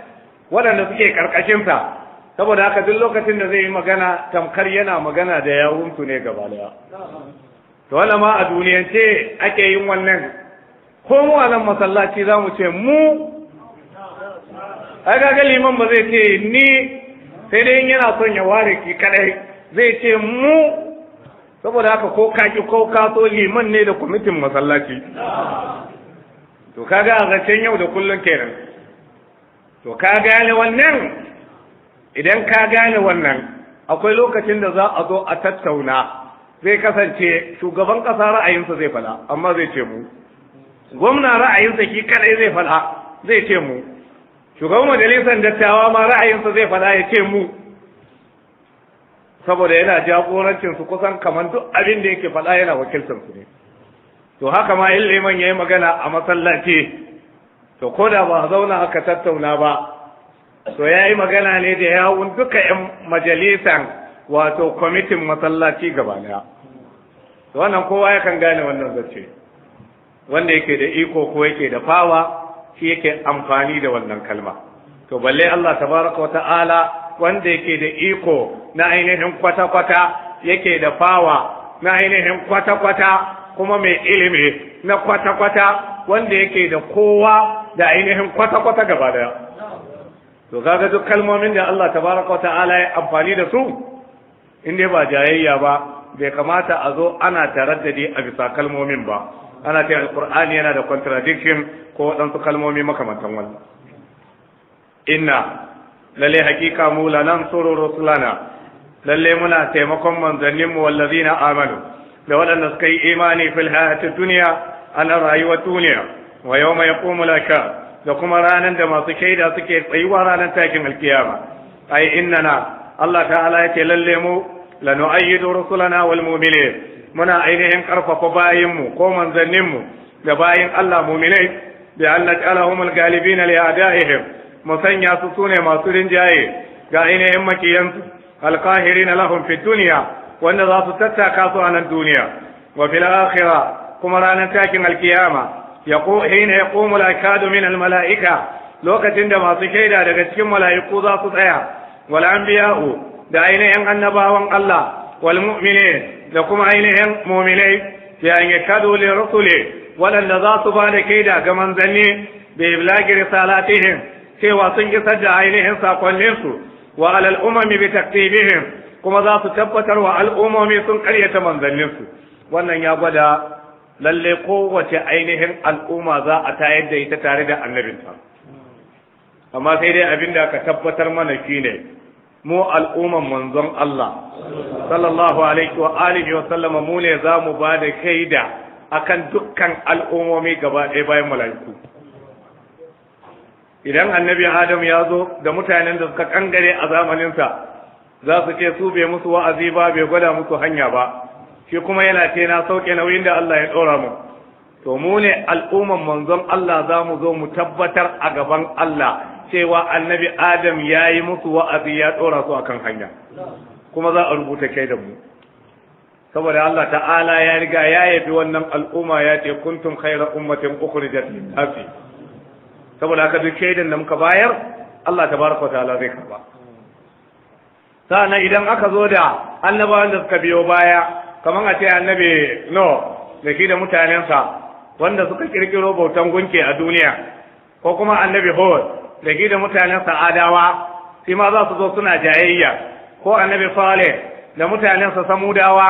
waɗanda suke karkashinsa saboda haka duk lokacin da zai yi magana tamkar yana magana da yawunsu ne gaba daya to wala ma a duniyance ake yin wannan ko mu a nan masallaci za mu ce mu A ga liman ba zai ce ni sai dai yana son ya ware ki kadai zai ce mu saboda haka ko kaki ko kaso liman ne da kwamitin masallaci to kaga a zancen yau da kullum kenan to ka gane wannan idan ka gane wannan akwai lokacin da za a zo a tattauna zai kasance shugaban ƙasa ra'ayinsa zai fada amma zai ce mu gwamna ra'ayinsa ki kadai zai fada zai ce mu shugaban majalisar dattawa ma ra'ayinsa zai fada ya ce mu saboda yana jagorancin su kusan kamar duk abin da yake faɗa yana wakiltar su ne to haka ma in ya yayi magana a masallaci to ko da ba zauna aka tattauna ba to ya yi magana ne da yawun duka 'yan majalisan wato kwamitin masallaci gaba daya wannan kowa yakan gane wannan zace wanda yake da iko ko yake da fawa shi yake amfani da wannan kalma to balle Allah tabaraka wata'ala wanda yake da iko na ainihin kwata-kwata yake da fawa na ainihin kwata-kwata kuma mai ilimi na kwata-kwata wanda yake da kowa da ainihin kwata-kwata gaba daya to kaga duk kalmomin da Allah tabaraka ta'ala ya amfani da su in dai ba jayayya ba bai kamata a zo ana taraddadi a bisa kalmomin ba ana ce alqur'ani yana da contradiction ko waɗansu kalmomi makamantan wannan inna lalle hakika mu lanansuru rusulana lalle muna taimakon manzannin mu wallazina amanu da waɗanda suka yi imani fil hayatid dunya ana rayuwar duniya wa yawma yaqumul ashhad da kuma ranar da masu shaida suke tsayuwa ranar takin alkiyama ai innana Allah ta'ala yake lalle mu lanu'ayyidu rusulana wal mu'minin muna ainihin karfafa bayin mu ko manzannin mu da bayin Allah mu'minai bi Allah ta'alahumul galibina li a'daihim mu sanya su sune masu rinjaye ga ainihin makiyansu Alkahiri lahum fid dunya wanda za su tattaka su a nan duniya wa fil akhirah kuma ranar takin alkiyama hina ya ƙomu laikadu min almala'ika lokacin da masu shaida daga cikin mala'iku za su tsaya wal anbiya'u da ainihin annabawan Allah wal mu'mine da kuma ainihin mu'minai bi an yakadu li rusuli waɗanda za su ba da kaida ga manzanni bi iblagi risalatihim cewa sun kisar da ainihin sakonninsu wa alal umami kuma za su tabbatar wa al'umomi sun karyata manzanninsu wannan ya gwada lalle kowace ainihin al'umma za a tayar da ita tare da annabinta amma sai dai abin da aka tabbatar mana shine mu al'umman manzon Allah sallallahu alaihi wa alihi wa sallama mu ne za mu ba da kaida akan dukkan al'ummomi gaba ɗaya bayan mala'iku idan annabi adam ya zo da mutanen da suka kangare a zamaninsa za su ce su bai musu wa'azi ba bai gwada musu hanya ba shi kuma yana ce na sauke nauyin da Allah ya ɗora mu to mu ne al'umman manzon Allah za mu zo mu tabbatar a gaban Allah cewa annabi Adam ya yi musu wa'azi ya ɗora su kan hanya kuma za a rubuta kai da mu saboda Allah ta'ala ya riga ya yabi wannan al'umma ya ce kuntum khayra ummatin ukhrijat lin-nasi saboda haka duk shaidan da muka bayar Allah tabaraka ta'ala zai karba sa'an idan aka zo da annabawan da suka biyo baya kaman a ce annabi no da shi da mutanensa wanda suka kirkiro bautan gunke a duniya ko kuma annabi hod da shi da mutanensa adawa shi ma za su zo suna jayayya ko annabi saleh da mutanensa samudawa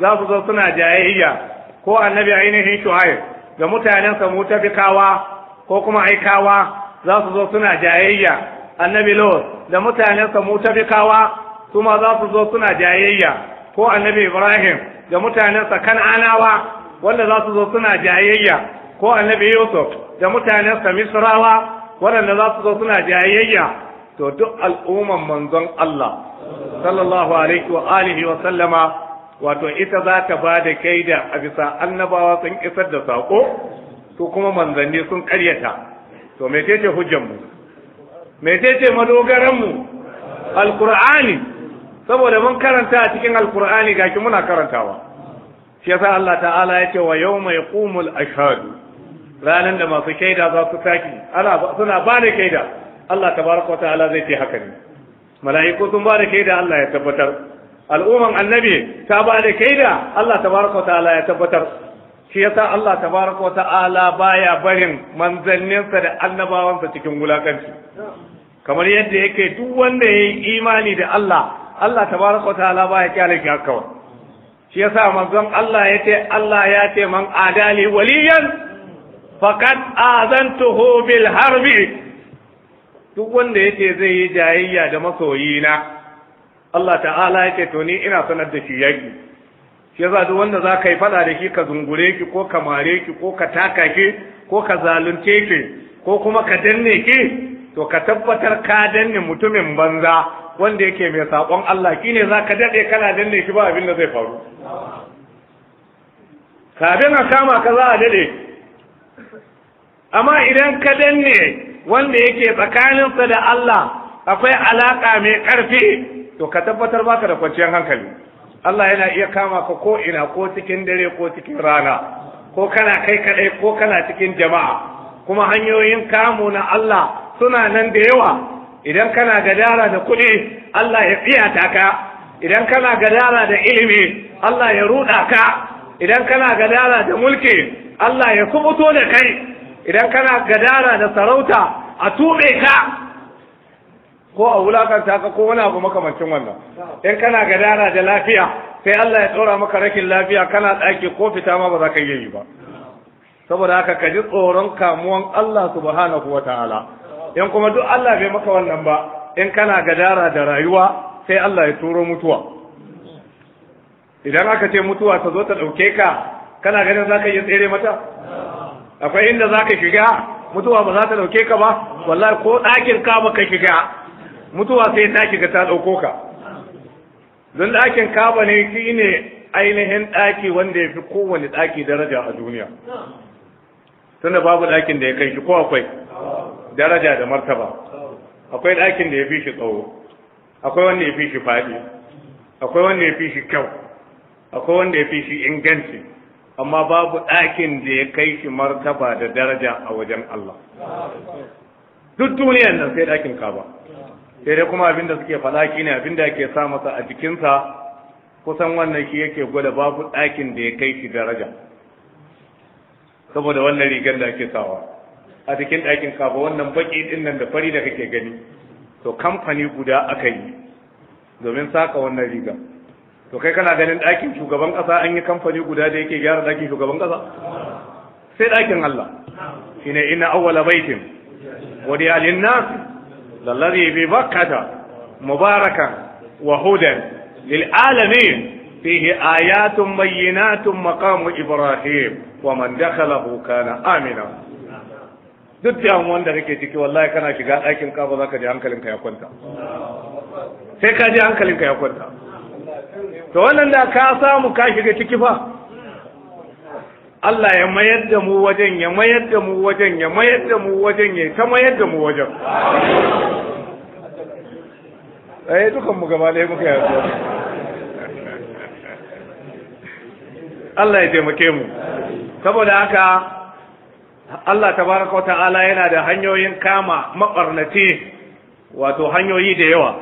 za su zo suna jayayya ko annabi ainihin shu'aib da mutanensa mutafikawa ko kuma aikawa za su zo suna jayayya annabi lot da mutanensa mutafikawa su ma za su zo suna jayayya ko annabi ibrahim da mutanensa kan'anawa wanda za su zo suna jayayya ko annabi yusuf da mutanensa misrawa waɗanda za su zo suna jayayya to duk al'umman manzon allah sallallahu alaihi wa alihi wa sallama wato ita za ta ba da da a bisa annabawa sun isar da saƙo to kuma manzanni sun karyata to metece hujjanmu ce madogaranmu alkur'ani saboda mun karanta a cikin alkur'ani gaki muna karantawa shi yasa Allah ta'ala ya ce wa mai yaqumul ashhadu ranan da masu shaida za su ana suna ba da shaida Allah ta'ala zai ce haka ne mala'iku sun ba da shaida Allah ya tabbatar al'umman annabi ta ba da shaida Allah ta'ala ya tabbatar shi yasa Allah ta'ala baya barin manzanninsa da annabawansa cikin wulakanci kamar yadda yake duk wanda ya yi imani da Allah Allah tabaraka wa ba baya kyale ki haka ba. shi yasa manzon Allah ya ce Allah ya ce man adali waliyan faqad azantuhu bil harbi duk wanda yace zai yi jayayya da masoyina Allah ta'ala ya ce to ni ina sanar da shi yaki shi yasa duk wanda za ka yi fada da shi ka zungure ki ko ka mare ki ko ka taka ki ko ka zalunce ki ko kuma ka danne ki to ka tabbatar ka danne mutumin banza wanda yake mai sakon Allah kine zaka dade kana danne shi ba abin da zai faru kafin a kama ka za a daɗe. amma idan ka danne wanda yake tsakaninsa da Allah akwai alaƙa mai karfi to ka tabbatar baka da kwanciyar hankali Allah yana iya kama ka ko ina ko cikin dare ko cikin rana ko kana kai kaɗai, ko kana cikin jama'a kuma hanyoyin kamu na Allah suna nan da yawa idan kana gadara da kuɗi Allah ya tsiyata ka idan kana gadara da ilimi Allah ya ruɗa ka idan kana gadara da mulki Allah ya kubuto da kai idan kana gadara da sarauta a tuɓe ka ko a wulakanta ka ko wani abu makamancin wannan Idan kana gadara da lafiya sai Allah ya tsora maka rakin lafiya kana ɗaki ko fita ma ba za ka yi ba saboda haka ka ji tsoron kamuwan Allah subhanahu wa ta'ala in kuma duk Allah bai maka wannan ba in kana gadara da rayuwa sai Allah ya turo mutuwa idan aka ce mutuwa ta zo ta ɗauke ka kana ganin za ka iya tsere mata akwai inda za ka shiga mutuwa ba za ta ɗauke ka ba wallahi ko ɗakin ka ka shiga mutuwa sai ta shiga ta ɗauko ka don ɗakin kaba ne shi ne ainihin ɗaki wanda ya fi kowane ɗaki daraja a duniya tunda babu ɗakin da ya kai shi ko akwai daraja da martaba akwai ɗakin da ya fi shi tsawo akwai wanda ya fi shi faɗi akwai wanda ya fi shi kyau akwai wanda ya fi shi inganci amma babu ɗakin da ya kai shi martaba da daraja a wajen Allah duk duniyar nan sai ɗakin kaba sai dai kuma abinda suke faɗa shi ne abinda ake sa masa a jikinsa kusan wannan shi yake gwada babu ɗakin da ya kai shi daraja saboda wannan rigar da ake sawa a cikin ɗakin kafa wannan baƙi ɗin nan da fari da kake gani to kamfani guda aka yi domin saka wannan riga to kai kana ganin ɗakin shugaban ƙasa an yi kamfani guda da yake gyara ɗakin shugaban ƙasa sai ɗakin Allah shine ina awwala baitin wadi'a lin-nas lalladhi bi bakkata mubarakan wa hudan lil-alamin fihi ayatun bayyinatun maqamu ibrahim wa man dakhalahu kana amina duk damuwan da kake ciki wallahi kana shiga ɗakin kafa za ka ji hankalinka ya kwanta sai ka ji hankalinka ya kwanta to wannan da ka samu ka shiga ciki fa Allah ya mayar da mu wajen ya mayar da mu wajen ya mayar da mu wajen ya ta mayar da mu wajen eh dukan mu gaba ɗaya muka yarda Allah ya taimake mu saboda haka Allah tabaraka wa ta'ala yana da hanyoyin kama maɓarnace, wato hanyoyi da yawa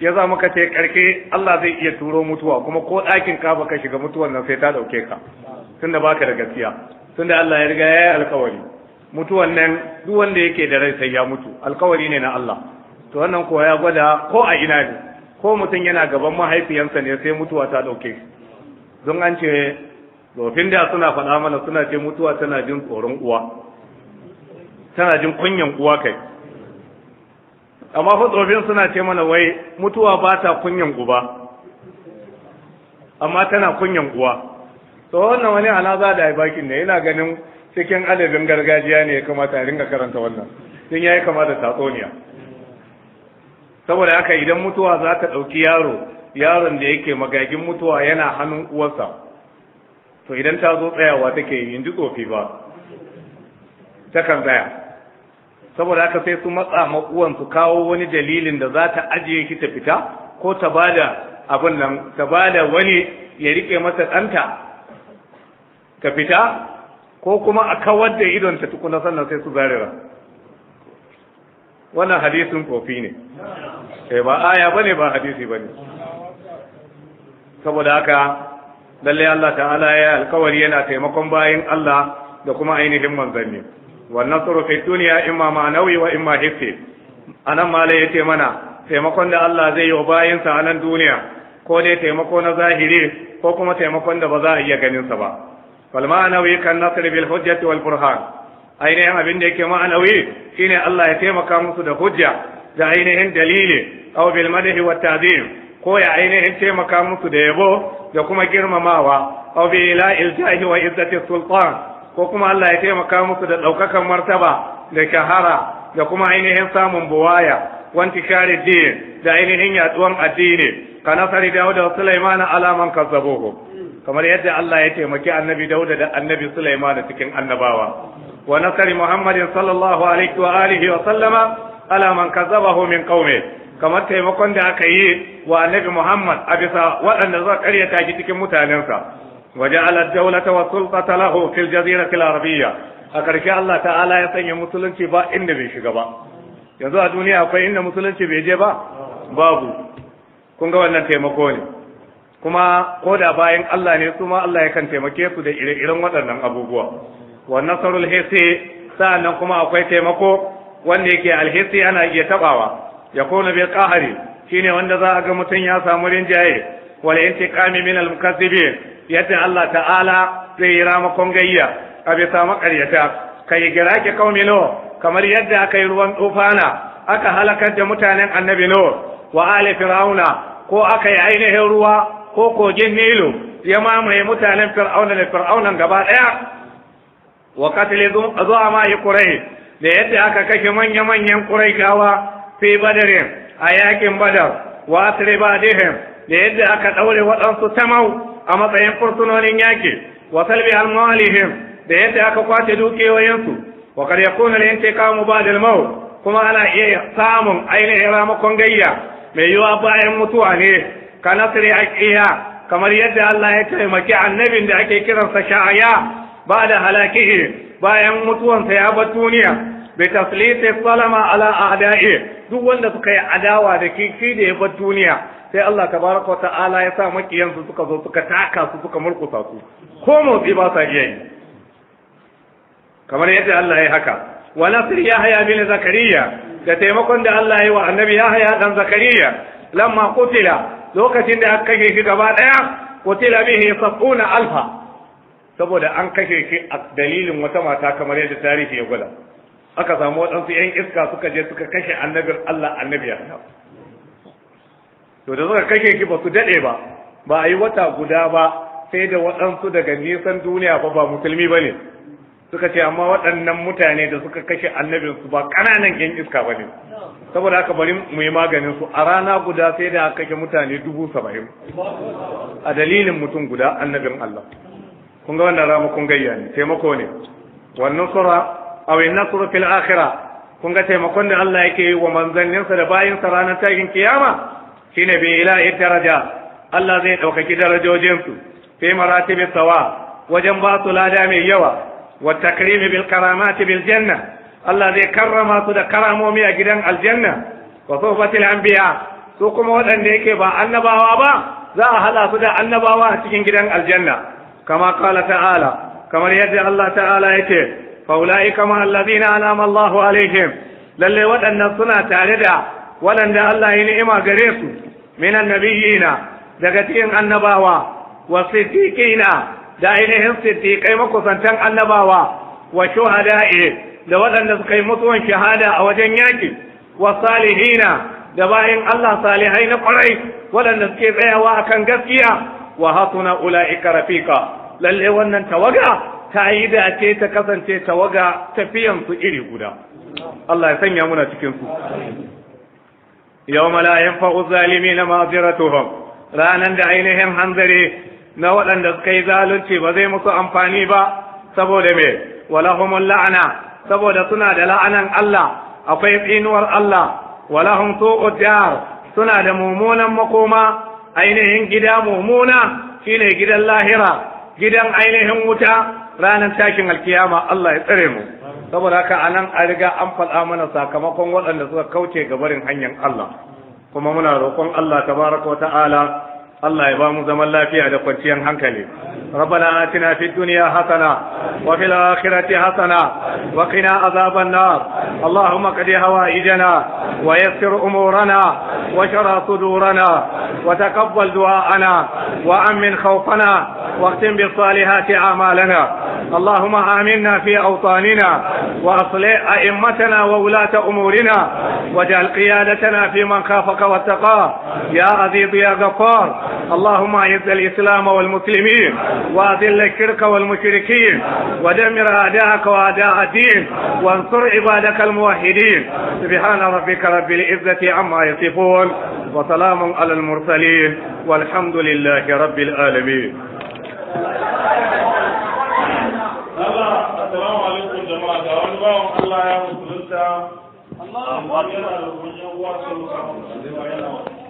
ya za maka ce karke Allah zai iya turo mutuwa kuma ko ɗakin ka baka shiga mutuwan nan sai ta ɗauke ka tunda baka da gaskiya tunda Allah ya riga ya yi alkawari mutuwan nan duk wanda yake da rai sai ya mutu alkawari ne na Allah to wannan kuwa ya gwada ko a ina ne ko mutum yana gaban mahaifiyansa ne sai mutuwa ta ɗauke don an ce tsofin da suna faɗa mana suna ce mutuwa tana jin tsoron uwa tana jin kunyan uwa kai amma fa tsofin suna ce mana wai mutuwa ba ta kunyan uba amma tana kunyan uwa to wannan wani alaza da ya bakin ne yana ganin cikin adabin gargajiya ne ya kamata ya ringa karanta wannan sun ya yi kama da tatsuniya saboda haka idan mutuwa za ta ɗauki yaro yaron da yake magagin mutuwa yana hannun uwarsa to idan ta zo tsayawa take yi in ji tsofi ba takan tsaya saboda haka sai su matsa makuwan su kawo wani dalilin da za ta ajiye shi ta fita ko ta bada abin nan ta bada wani ya rike masa ɗanta ta fita ko kuma a kawar da idon ta tukuna sannan sai su zarira wannan hadisin kofi ne eh ba aya bane ba hadisi bane saboda haka lallai Allah ta'ala ya alƙawari yana taimakon bayin Allah da kuma ainihin manzanni والنصر في الدنيا إما معنوي وإما حسي أنا ya ce mana, taimakon da Allah zai yi wa bayansa a nan duniya ko dai taimako na zahiri ko kuma taimakon da ba za a iya ganinsa ba fal ma'anawi kan nasr bil hujjati wal burhan ainihin abin da yake ma'anawi shine Allah ya taimaka musu da hujja da ainihin dalili aw bil madhi wat ta'zim ko ya ainihin taimaka musu da yabo da kuma girmamawa aw bi ila'il jahi wa izzati sultan ko kuma Allah ya taimaka musu da ɗaukakan martaba da shahara da kuma ainihin samun buwaya wanti kare din da ainihin yaduwan addini ka nasari dauda da sulaimana alaman kazzabuhu kamar yadda Allah ya taimaki annabi dauda da annabi sulaimana cikin annabawa wa nasari muhammadin sallallahu alaihi wa alihi wa sallama alaman kazzabahu min qaumi kamar taimakon da aka yi wa annabi muhammad a bisa waɗanda za karyata shi cikin mutanensa وجعل الدولة والسلطة له في الجزيرة العربية أكرك الله تعالى يسني مسلم با إن ba. yanzu a duniya akwai inda musulunci bai je ba babu kun ga wannan taimako ne kuma ko da bayan Allah ne kuma ma Allah yakan taimake su da ire-iren waɗannan abubuwa wa nasarul hisi sa'annan kuma akwai taimako wanda yake alhisi ana iya tabawa ya kona bil qahari shine wanda za a ga mutum ya samu rinjaye wal intiqami min al mukazzibin Yadda Allah ta'ala zai yi ramakon gayya a bisa makaryata gira girake kaumi no kamar yadda aka yi ruwan tufana aka halakar da mutanen annabi no wa ali fir'auna ko aka yi ainihin ruwa ko kogin nilu ya mamaye mutanen fir'auna da fir'aunan gaba daya wa qatl zuwa ma yi kurai da yadda aka kashe manya-manyan gawa, fi badarin a yakin badar wa asribadihim da yadda aka ɗaure waɗansu tamau a matsayin fursunonin yaƙi wa salbi almalihim da yadda aka kwace dukiyoyinsu wa kad yakuna al ba da al-maut kuma ana iya samun ainihin ramakon gayya mai yiwa bayan mutuwa ne ka a aqiya kamar yadda Allah ya taimaki annabin da ake kiransa sha'aya ba da halakihi bayan mutuwansa ya bar duniya bai tasliti salama ala a'da'i duk wanda suka yi adawa da kiki da ya bar duniya sai Allah tabaraka ta'ala ya sa makiyansu suka zo suka taka su suka murkusa su ko motsi ba sa iya yi kamar yadda Allah ya haka wa nasr haya bin zakariya da taimakon da Allah ya yi wa annabi yahya dan zakariya lamma kutila lokacin da aka kashe shi gaba daya qutila bihi sab'una alfa saboda an kashe shi a dalilin wata mata kamar yadda tarihi ya gwada aka samu waɗansu 'yan iska suka je suka kashe annabin Allah annabi ya to da suka kashe ki ba su daɗe ba ba a yi wata guda ba sai da waɗansu daga nisan duniya ba ba musulmi ba ne suka ce amma waɗannan mutane da suka kashe annabin su ba ƙananan 'yan iska ba ne saboda haka bari mu yi maganin su a rana guda sai da aka kashe mutane dubu saba'in a dalilin mutum guda annabin Allah kun ga wannan rama kun gayya ne taimako ne wannan sura aw nasru fil akhirah kun ga taimakon da Allah yake yi wa manzanninsa da bayinsa ranar takin kiyama shine bi ilahi daraja Allah zai ɗaukaki darajojinsu fi maratibi sawa wajen ba su lada mai yawa wa takrimi bil karamati bil janna Allah zai karrama su da karamomi a gidan aljanna wa sohbatil anbiya su kuma waɗanda yake ba annabawa ba za a hada su da annabawa a cikin gidan aljanna kama kala ta'ala kamar yadda Allah ta'ala yake fa ulaika ma allazina anama Allahu alaihim lallai waɗannan suna tare da waɗanda Allah ya ni'ima gare su minan nabiyina daga cikin annabawa wa siddiqina da ainihin siddiqai makusantan annabawa wa shuhada'i da waɗanda suka yi mutuwan shahada a wajen yaki wa salihina da bayan Allah salihai na kwarai waɗanda suke tsayawa akan gaskiya wa hasuna ula'ika rafiqa lallai wannan tawaga ta yi da ce ta kasance tawaga su iri guda Allah ya sanya muna cikin su yawma la yanfa'u zalimina ma'ziratuhum ranan da ainihin hanzari na waɗanda suka yi zalunci ba zai musu amfani ba saboda me walahumul la'ana saboda suna da la'anan Allah akwai tsinuwar Allah walahum su'ud dar suna da mummunan makoma ainihin gida mummuna shine gidan lahira gidan ainihin wuta ranar tashin alkiyama Allah ya tsare mu saboda haka anan a riga an faɗa mana sakamakon waɗanda suka kauce ga barin hanyar Allah kuma muna roƙon Allah tabaraka wa ta'ala Allah ya ba mu zaman lafiya da kwanciyar hankali ربنا آتنا في الدنيا حسنة وفي الآخرة حسنة وقنا عذاب النار اللهم اقض هوائجنا ويسر أمورنا وشر صدورنا وتقبل دعاءنا وأمن خوفنا واختم بالصالحات أعمالنا اللهم آمنا في أوطاننا وأصلح أئمتنا وولاة أمورنا واجعل قيادتنا في من خافك واتقاه يا عزيز يا غفار اللهم اعز الاسلام والمسلمين واذل الشرك والمشركين ودمر اعداءك واعداء الدين وانصر عبادك الموحدين سبحان ربك رب العزه عما يصفون وسلام على المرسلين والحمد لله رب العالمين Assalamu alaikum jama'a الله wani bawan Allah ya musulunta Allah